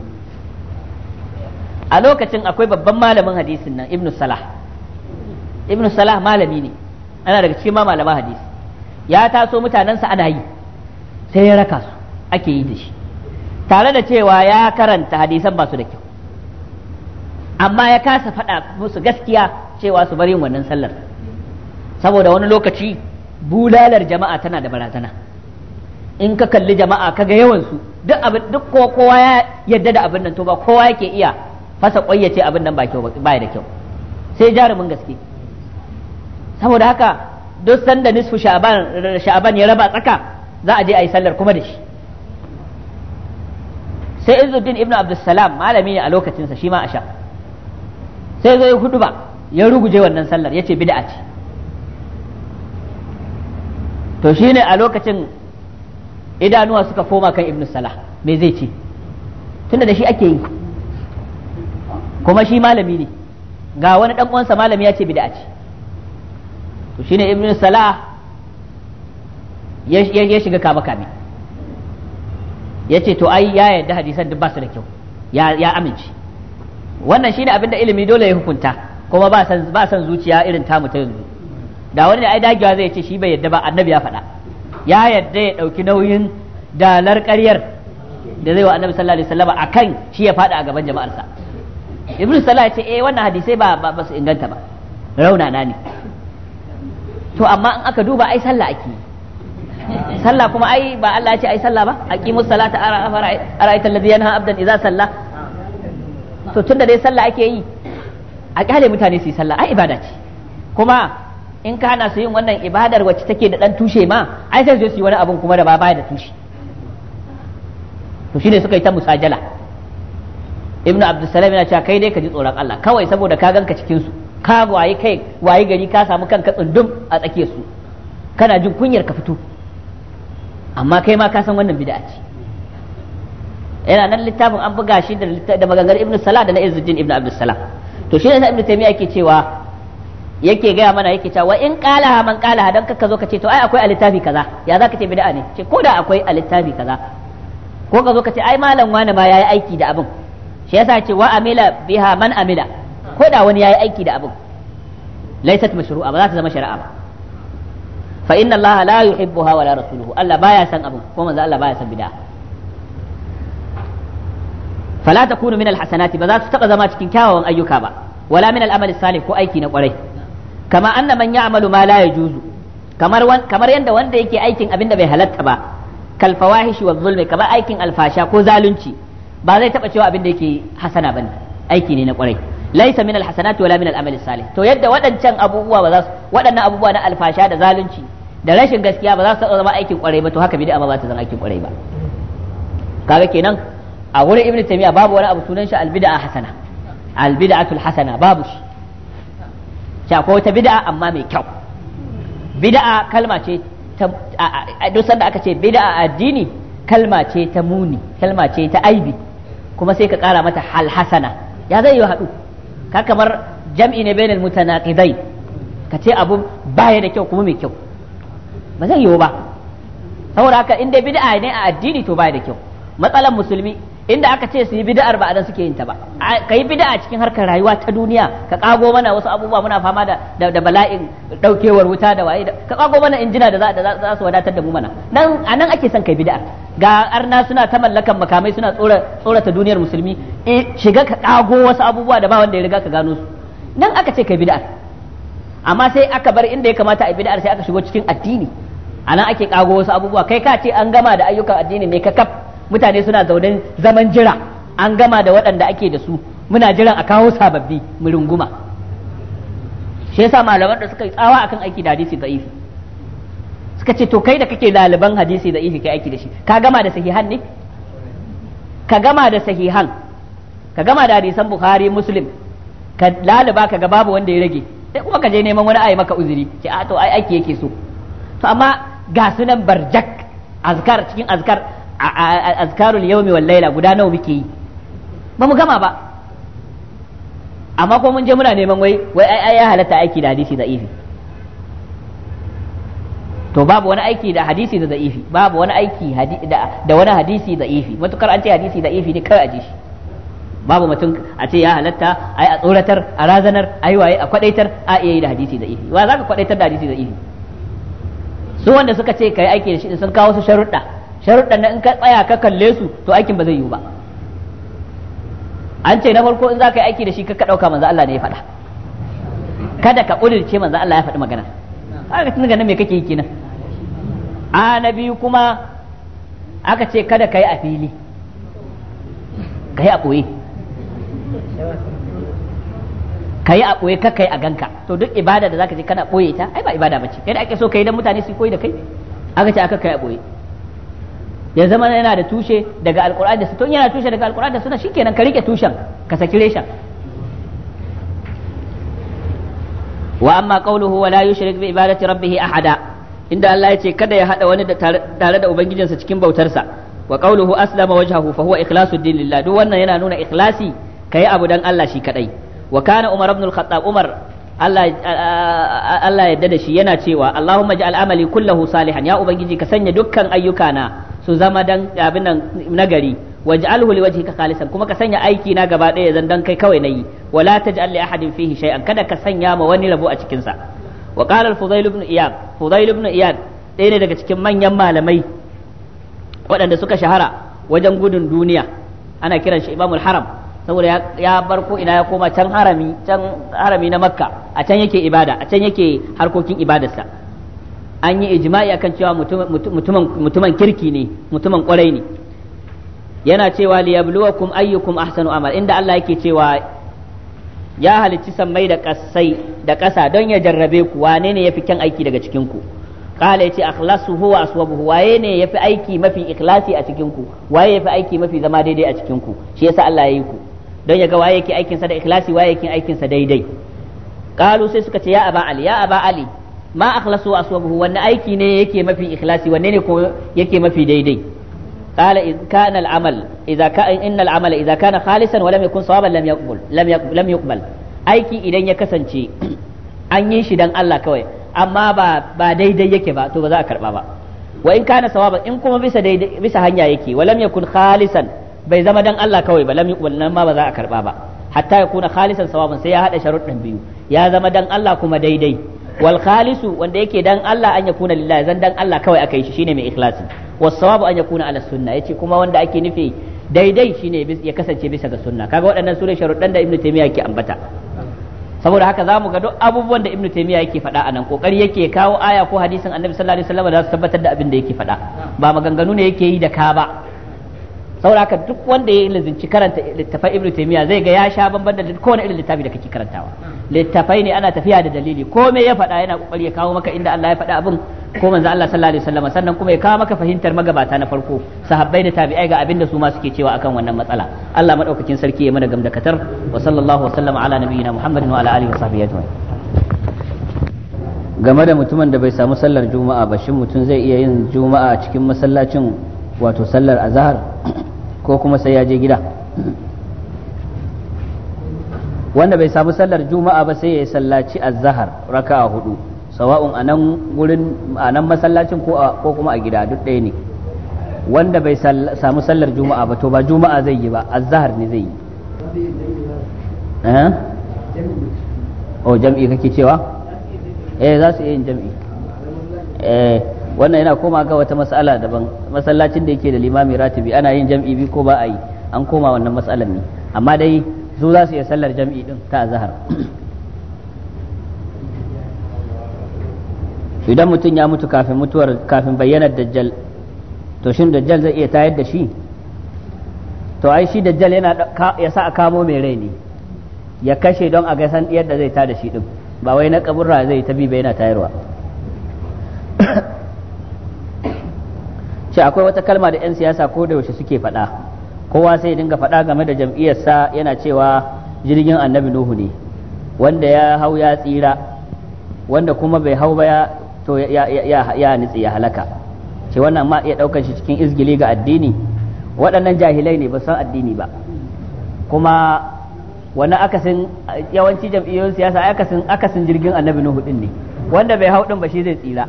a lokacin akwai babban malamin hadisin nan ibn Salah ibn Salah malami ne ana daga cikin ma malaman hadisi ya taso mutanensa ana yi sai ya raka su ake yi da shi tare da cewa ya karanta hadisan ba su da kyau amma ya kasa faɗa musu gaskiya cewa su bar bari wannan sallar saboda wani lokaci bulalar jama'a tana da barazana in ka kalli jama'a ka ga yawansu duk abin duk kowa ya yadda da abin nan to ba kowa yake iya fasa kwai abin nan ba kyau ba da kyau sai jarumin gaske saboda haka duk sanda nisfu sha'aban sha'aban ya raba tsaka za a je a yi sallar kuma da shi sai izuddin ibn Abdussalam malami ne a lokacinsa shi ma asha sai zai huduba ba ya ruguje wannan sallar yace bid'a ce to shine a lokacin idanuwa suka koma kan ibn Salah me zai ce tunda da shi ake yi kuma shi malami ne ga wani dan uwansa malami ya ce bid'a ce to shine ibn salah ya shiga kaba kame ya ce to ai ya yarda hadisan duk ba su da kyau ya amince wannan shine abinda ilimi dole ya hukunta kuma ba san zuciya irin tamu ta yanzu da wani ai dagewa zai ce shi bai yarda ba annabi ya faɗa ya yarda ya ɗauki nauyin dalar ƙaryar da zai wa annabi sallallahu alaihi wasallam akan shi ya faɗa a gaban jama'arsa Ibn salah ya ce eh wannan hadisai ba ba su inganta ba raunana ne to amma in aka duba ai sallah ake sallah kuma ai ba Allah ya ce ai sallah ba aqimus salata ara'aita alladhi yanha abdan idza salla to tunda dai sallah ake yi a kyale mutane su yi sallah ai ibada ce kuma in ka hana su yin wannan ibadar wacce take da dan tushe ma ai sai su yi wani abun kuma da ba baya da tushe to shine suka yi ta musajala ibnu abdussalam yana cewa kai dai ka ji tsoron Allah kawai saboda ka ganka cikin su ka waye kai waye gari ka samu kanka tsundum a tsakiyar su kana jin kunyar ka fito amma kai ma ka san wannan bid'a ce yana nan littafin an buga shi da maganar ibn salah da na izzuddin ibn abdul salam to shi ne ibn taymiya yake cewa yake gaya mana yake cewa in qala man qala dan kaka zo ka ce to ai akwai alittafi kaza ya zaka ce bid'a ne ce ko da akwai alittafi kaza ko ka zo ka ce ai malam wani ma yayi aiki da abin shi yasa ce wa amila biha man amila ko da wani yayi aiki da abin laysat mashru'a ba za ta zama shari'a ba fa inna Allah la yuhibbuha wala rasuluhu Allah baya san abin ko manzo Allah baya san bid'a fala takunu min alhasanati ba za su taba zama cikin kyawawan ayyuka ba wala min al'amali salih ko aiki na kwarai kama anna man ya'malu ma la yajuzu kamar kamar yanda wanda yake aikin abinda bai halatta ba kal fawahishi wa zulmi kamar aikin alfasha ko zalunci ba zai taba cewa abinda yake hasana bane aiki ne na kwarai laisa min alhasanati wala min al'amali salih to yadda waɗancan abubuwa ba za su waɗannan abubuwa na alfasha da zalunci da rashin gaskiya ba za su zama aikin kwarai ba to haka bid'a ma ba ta zama aikin kwarai ba kaga kenan a wurin ibnu taymiya babu wani abu sunan shi albid'a hasana albid'atul hasana babu shi shi akwai wata bid'a amma mai kyau bid'a kalma ce ta duk sanda aka ce bid'a addini kalma ce ta muni kalma ce ta aibi kuma sai ka kara mata hal hasana ya zai yi haɗu ka kamar jam'i ne bainal mutanaqidai ka ce abu baya da kyau kuma mai kyau ba zai yiwu ba saboda haka in dai bid'a ne a addini to baya da kyau matsalan musulmi inda aka ce su yi bid'ar ba dan suke yin ta ba ka yi bid'a cikin harkar rayuwa ta duniya ka kago mana wasu abubuwa muna fama da da bala'in daukewar wuta da waye ka kago mana injina da za su wadatar da mu mana nan anan ake son kai bid'a ga arna suna ta mallakan makamai suna tsora tsorata duniyar musulmi eh shiga ka kago wasu abubuwa da ba wanda ya riga ka gano su nan aka ce kai bid'a amma sai aka bar inda ya kamata a bid'ar sai aka shigo cikin addini anan ake kago wasu abubuwa kai ka ce an gama da ayyukan addini ne ka kaf mutane suna zaune zaman jira an gama da waɗanda ake da su muna jiran a kawo sababbi mu runguma shi yasa malaman da suka yi tsawa akan aiki da hadisi da'ifi suka ce to kai da kake laliban hadisi da'ifi kai aiki da shi ka gama da sahihan ne ka gama da sahihan ka gama da hadisan bukhari muslim ka laliba ka ga babu wanda ya rage sai kuma ka je neman wani ayi maka uzuri ce a to ai aiki yake so to amma ga sunan barjak azkar cikin azkar azkarul yawmi wal laila guda nawa muke yi ba mu gama ba amma ko mun je muna neman wai wai ai ya halatta aiki da hadisi da'ifi to babu wani aiki da hadisi da da'ifi babu wani aiki da wani hadisi da'ifi matukar an ce hadisi da'ifi ne kar a ji shi babu mutum a ce ya halatta ai a tsoratar a razanar ai waye a kwadaitar a iya yi da hadisi za'ifi. wa zaka kwadaitar da hadisi za'ifi? su wanda suka ce kai aiki da shi sun kawo su sharuɗa sharuɗan nan in ka tsaya ka kalle su to aikin ba zai yiwu ba an ce na farko in za ka yi aiki da shi ka ɗauka manzo Allah ne ya faɗa kada ka ƙudirce manzo Allah ya faɗi magana aka tun ganin me kake yi kenan a na biyu kuma aka ce kada ka yi a fili ka yi a ɓoye ka yi a ɓoye ka kai a ganka to duk ibada da ka je kana ɓoye ta ai ba ibada ba ce yadda ake so ka yi don mutane su koyi da kai aka ce aka kai a ɓoye ya zama yana da tushe daga alkur'ani da su yana tushe daga alkur'ani da shikenan ka rike tushen ka saki reshen wa amma qawluhu wa la yushrik bi ibadati rabbih ahada inda Allah yace kada ya hada wani tare da ubangijinsa cikin bautarsa wa qawluhu aslama wajhahu fa huwa ikhlasu din lillah duk wannan yana nuna ikhlasi kai abu dan Allah shi kadai wa kana umar ibn al-khattab umar Allah ya da shi yana cewa Allahumma ja'al amali kullahu salihan ya ubangiji ka sanya dukkan ayyukana su zama dan abin nan nagari waj'alhu liwajhika khalisan kuma ka sanya aiki na gaba ɗaya zan dan kai kawai na nayi wala taj'al li ahadin fihi shay'an kada ka sanya ma wani rabo a cikin sa wa qala al-fudail ibn iyad fudail ibn iyad ɗaya ne daga cikin manyan malamai waɗanda suka shahara wajen gudun duniya ana kiran shi imamul haram saboda ya bar ko ina ya koma can harami can harami na makka a can yake ibada a can yake harkokin ibadarsa an yi ijma'i akan cewa mutumin kirki ne mutumin kwarai ne yana cewa yabluwakum ayyukum ahsanu amal inda Allah yake cewa ya halicci sammai da kasai da ƙasa don ya jarrabe ku wane ne yafi kyan aiki daga cikin ku qala yace akhlasu huwa aswabuhu waye ne yafi aiki mafi ikhlasi a cikin ku waye yafi aiki mafi zama daidai a cikin ku shi yasa Allah ya yi ku don ya ga waye yake aikin sa da ikhlasi waye yake aikin sa daidai qalu sai suka ce ya aba ali ya aba ali ma akhlasu aswabuhu wanne aiki ne yake mafi ikhlasi wanne ne ko yake mafi daidai qala in kana al-amal idza ka inna al-amala idza kana khalisan wa lam yakun sawaban lam yaqbul lam lam yuqbal aiki idan ya kasance an yi shi dan Allah kawai amma ba ba daidai yake ba to ba za a karba ba wa in kana sawaban in kuma bisa daidai bisa hanya yake wa lam yakun khalisan bai zama dan Allah kawai ba lam wannan ma ba za a karba ba hatta ya kuna khalisan sawabin sai ya hada sharuɗin biyu ya zama dan Allah kuma daidai wal khalisu wanda yake dan Allah an kuna lillahi zan dan Allah kawai aka yi shi shine mai ikhlasi was sawabu an kuna ala sunna yace kuma wanda ake nufi daidai shine ya kasance bisa ga sunna kaga waɗannan sune sharuɗan da ibnu taymiya yake ambata saboda haka za mu ga duk abubuwan da ibnu taymiya yake faɗa anan kokari yake kawo aya ko hadisin annabi sallallahu alaihi wasallam da su tabbatar da abin da yake faɗa ba maganganu ne yake yi da ka ba saboda duk wanda ya lizinci karanta littafai ibnu taymiya zai ga ya sha bamban da kowane irin littafi da kake karantawa littafai ne ana tafiya da dalili komai ya faɗa yana kokari ya kawo maka inda Allah ya faɗa abin ko manzo Allah sallallahu alaihi wasallam sannan kuma ya kawo maka fahimtar magabata na farko sahabbai da tabi'ai ga abinda su ma suke cewa akan wannan matsala Allah madaukakin sarki ya mana gamdakatar wa sallallahu wa sallama ala nabiyyina muhammadin wa ala alihi wa sahbihi ajma'in game da mutumin da bai samu sallar juma'a ba shin mutum zai iya yin juma'a cikin masallacin wato sallar azhar ko kuma sai ya je gida wanda bai samu sallar juma'a ba sai ya yi sallaci raka a hudu sawa'un a nan gurin a nan masallacin ko kuma a gida duk ɗaya ne wanda bai samu sallar juma'a ba to ba juma'a zai yi ba zahar ne zai yi eh oh, jam'i kake cewa eh za su iya yin jam'i eh wannan yana koma ga wata mas'ala daban masallacin da yake da limami ratibi ana yin jam'i bi ko ba a yi an koma wannan matsalar ne amma dai su za su iya sallar jam'i din ta azhar idan mutum ya mutu kafin mutuwar kafin bayyanar dajjal to shin dajjal zai iya tayar da shi to ai shi dajjal yana ya sa a kamo mai rai ne ya kashe don a ga san yadda zai tada shi din ba wai na kaburra zai ta bi ba yana tayarwa ce akwai wata kalma da 'yan siyasa ko da yaushe suke faɗa kowa sai dinga faɗa game da jam'iyyarsa yana cewa jirgin annabi nuhu ne wanda ya hau ya tsira wanda kuma bai hau ba ya to ya nitsi ya halaka ce wannan ma iya ɗaukar shi cikin izgili ga addini waɗannan jahilai ne ba san addini ba kuma wani akasin yawanci jam'iyyun siyasa akasin akasin jirgin annabi nuhu din ne wanda bai hau din ba shi zai tsira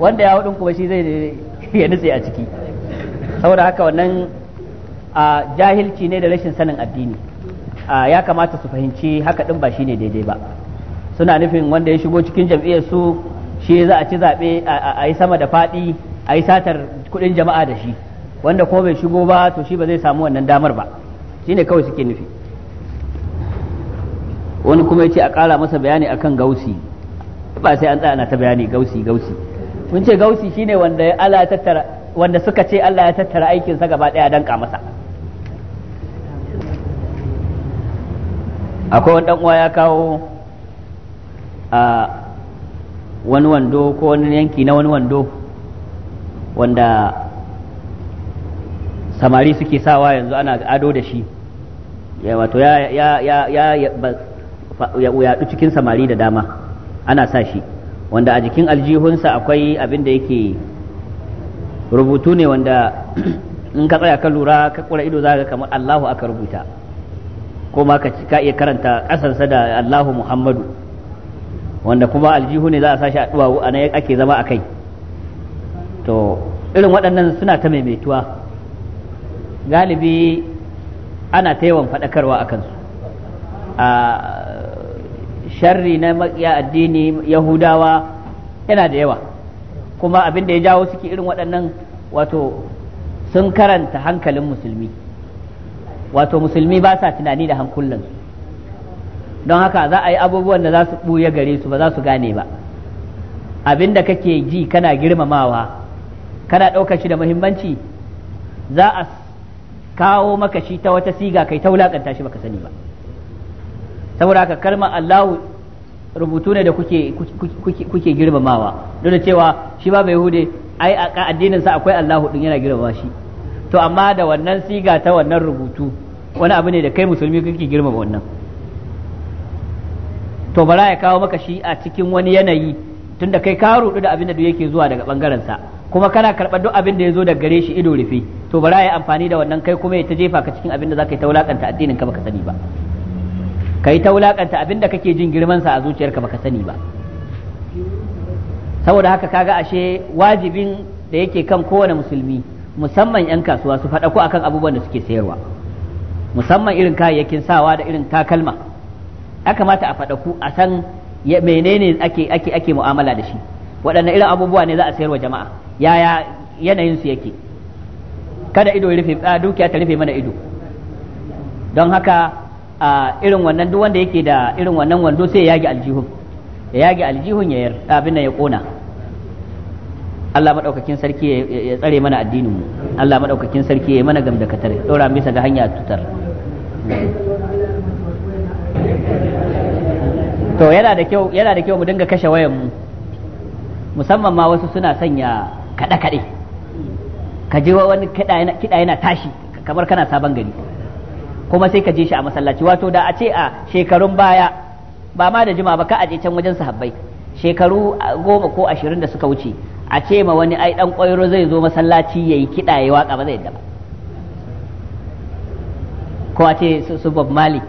wanda ya hau din kuma shi zai ya nutse a ciki saboda haka wannan a jahilci ne da rashin sanin addini ya kamata su fahimci haka ɗin ba shine daidai ba suna nufin wanda ya shigo cikin jam'iyyar su shi za a ci zaɓe a yi sama da faɗi a yi satar kuɗin jama'a da shi wanda ko bai shigo ba to shi ba zai samu wannan damar ba shine kawai suke nufi wani kuma ya ce a ƙara masa bayani akan gausi ba sai an tsaya ana ta bayani gausi gausi kun ce gausi shine wanda wanda suka ce Allah ya tattara aikin sa gaba daya danka masa akwai wani dan uwa ya kawo a wani wando ko wani yanki na wani wando wanda samari suke sawa yanzu ana ado da shi ya wato ya ya ya ya yaɗu cikin samari da dama ana sa shi wanda a jikin aljihunsa akwai abin da yake rubutu ne wanda in ka tsaya ka lura ka kura ido za ka kamar Allahu aka rubuta ko ma ka iya karanta kasansa da Allahu Muhammadu wanda kuma aljihu ne za a sashi a duwawu a nan ake zama a kai to irin waɗannan suna ta maimaituwa galibi ana ta yawan faɗakarwa a kansu a sharri na makiya addini yahudawa yana da yawa kuma abin da ya jawo suke irin waɗannan wato sun karanta hankalin musulmi wato musulmi ba sa tunani da hankulan don haka za a yi abubuwan da za su ɓuya gare su ba za su gane ba abin da kake ji kana girmamawa kana ɗaukar shi da muhimmanci za a kawo maka shi ta wata siga kai ta wulakanta shi baka sani ba saboda haka kalma Allahu rubutu ne da kuke kuke girmamawa duk da cewa shi ba yahude ai a addinin sa akwai Allahu din yana girmama shi to amma da wannan siga ta wannan rubutu wani abu ne da kai musulmi girma girmama wannan to bara ya kawo maka shi a cikin wani yanayi tunda kai ka rudu da abin da yake zuwa daga bangaren sa kuma kana karɓar duk abin da ya zo daga gare shi ido rufe to bara ya amfani da wannan kai kuma ya ta jefa ka cikin abin da zaka yi ta wulakanta addinin ka baka sani ba yi ta wulakanta abinda kake jin girman sa a zuciyarka baka sani ba saboda haka kaga ashe wajibin da yake kan kowane musulmi musamman 'yan kasuwa su faɗa ko akan abubuwan da suke sayarwa musamman irin kayayyakin sawa da irin takalma ya kamata a faɗa ku a san menene ake ake ake mu'amala da shi waɗanne irin abubuwa ne za a sayarwa jama'a yaya yanayin su yake kada ido rufe dukiya ta rufe mana ido don haka a irin wannan duk wanda yake da irin wannan wando sai ya yage aljihun ya yage aljihun ya yar abin nan ya kona Allah madaukakin sarki ya tsare mana addinin mu Allah madaukakin sarki ya mana gamdakatar ya dora bisa ga hanya tutar to yana da kyau yana da kyau mu dinga kashe wayan mu musamman ma wasu suna sanya kaɗe-kaɗe ka ji wani kiɗa yana tashi kamar kana sabon gari kuma sai ka je shi a masallaci wato da a ce a shekarun baya ba ma da juma'a ba ka aje can wajen sahabbai shekaru goma ko ashirin da suka wuce a ce ma wani ai dan kwairo zai zo masallaci yayi kida yayi waka ba zai yadda ba ko a ce su Bob Marley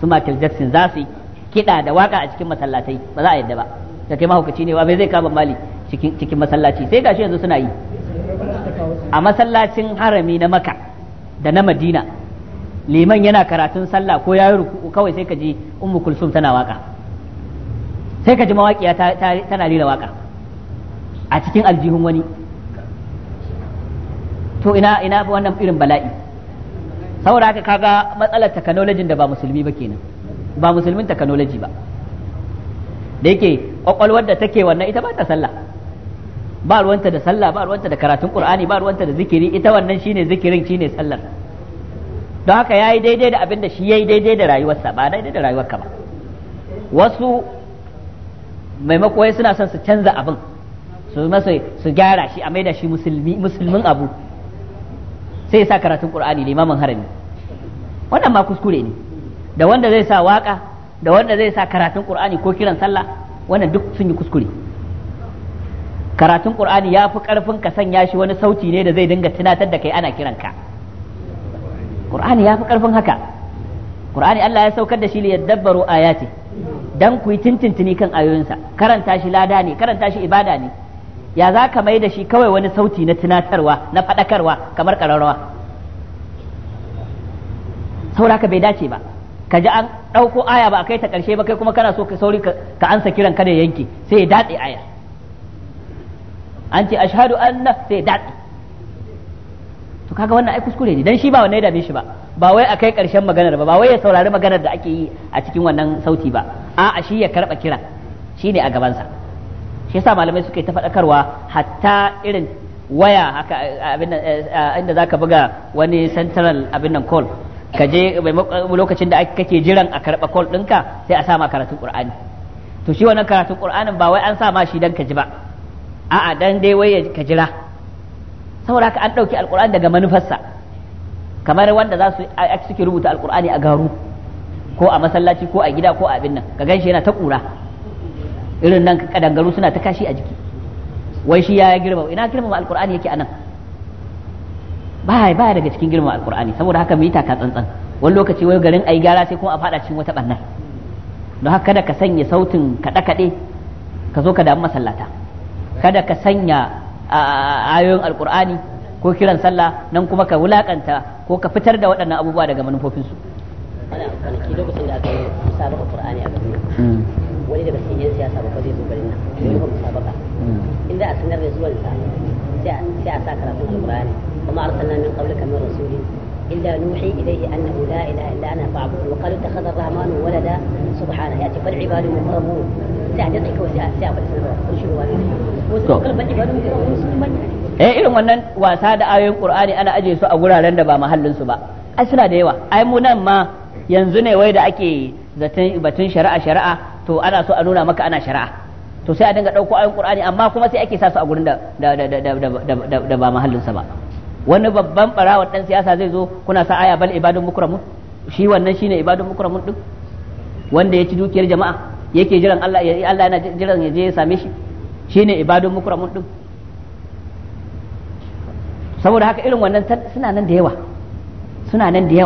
su Michael Jackson za su kiɗa da waka a cikin masallatai ba za a yadda ba da kai mahaukaci ne wa bai zai kama mali cikin masallaci sai gashi yanzu suna yi a masallacin harami na maka da na madina liman yana karatun sallah ko yayi ruku kawai sai ka ji ummu kulsum tana waka sai ka ji mawaƙiya tana rera waka a cikin aljihun wani to ina ina wannan irin bala'i saboda haka kaga matsalar takanolojin da ba musulmi ba kenan ba musulmin takanoloji ba da yake kwakwalwar da take wannan ita ba ta sallah ba ruwanta da sallah ba ruwanta da karatun qur'ani ba ruwanta da zikiri ita wannan shine zikirin shine sallar don haka ya yi daidai da abin da shi ya yi daidai da rayuwarsa ba daidai da rayuwarka ba wasu maimako suna son su canza abin su masa su gyara shi a maida shi musulmin abu sai ya sa karatun qur'ani limamin harami wannan ma kuskure ne da wanda zai sa waka da wanda zai sa karatun qur'ani ko kiran sallah wannan duk sun yi kuskure karatun qur'ani ya fi karfin ka sanya shi wani sauti ne da zai dinga tunatar da kai ana kiranka qur'ani ya fi ƙarfin haka qur'ani Allah ya saukar da shi li yadabbaru ayati dan ku yi tintintini kan ayoyinsa karanta shi lada ne karanta shi ibada ne ya za ka mai da shi kawai wani sauti na tunatarwa na faɗakarwa kamar ƙararrawa saura ka bai dace ba ka ji an ɗauko aya ba a kai ta ƙarshe ba kai kuma kana so ka sauri ka ansa kiran ka ya yanke sai ya datse aya an ce ashhadu an sai ya kaga wannan ai kuskure ne dan shi ba wannan ya dame shi ba ba wai akai karshen maganar ba ba wai ya saurari maganar da ake yi a cikin wannan sauti ba a'a shi ya karba kiran shine a gabansa shi yasa malamai suka yi ta hatta irin waya haka abin inda zaka buga wani central abin nan call ka je lokacin da kake jiran a karba call ɗinka sai a sa ma karatun qur'ani to shi wannan karatun qur'anin ba wai an sa ma shi dan ka ji ba a'a dan dai wai ka jira saboda haka an ɗauki alkur'ani daga manufarsa kamar wanda za su suke rubuta alkur'ani a garu ko a masallaci ko a gida ko a abin nan ka ganshi yana ta ƙura irin nan kadangaru suna ta kashi a jiki wai shi ya girma ina girma Alƙur'ani yake anan baya baya daga cikin girma Alƙur'ani saboda haka mu ka taka tsantsan wani lokaci wai garin ayi gyara sai kuma a fada cikin wata bannar don haka kada ka sanya sautin kaɗe-kaɗe ka zo ka damu masallata kada ka sanya ayoyin alkur'ani ko kiran sallah nan kuma ka wulakanta ko ka fitar da waɗannan abubuwa daga manufofinsu lokacin da aka yi musabaka qur'ani a gaban hmm. wani daga cikin yan siyasa ba zai zo garin nan sai ko musabaka hmm. inda a sanar da zuwan sa sai a sa karatun alqur'ani kuma arsalna min qablika min rasulin إلا نوحي إليه أنه لا إله إلا أنا فاعبدوا وقالوا اتخذ الرحمن ولدا سبحانه يأتي فالعباد مقربون لا تضحك وتعب eh irin wannan wasa da ayoyin Qur'ani ana aje su a wuraren da ba mahallin su ba ai suna da yawa ai mu nan ma yanzu ne wai da ake zaton batun shari'a shari'a to ana so a nuna maka ana shari'a to sai a dinga dauko ayoyin Qur'ani amma kuma sai ake sa su a gurin da da da da ba mahallin sa ba wani babban barawa dan siyasa zai zo kuna sa aya bal ibadun mukramun shi wannan shine ibadun mukramun din wanda ya ci dukiyar jama'a yake jiran Allah ya Allah yana jiran ya je ya same shi shine ibadun mukramun din saboda haka irin wannan suna nan da yawa suna nan da yawa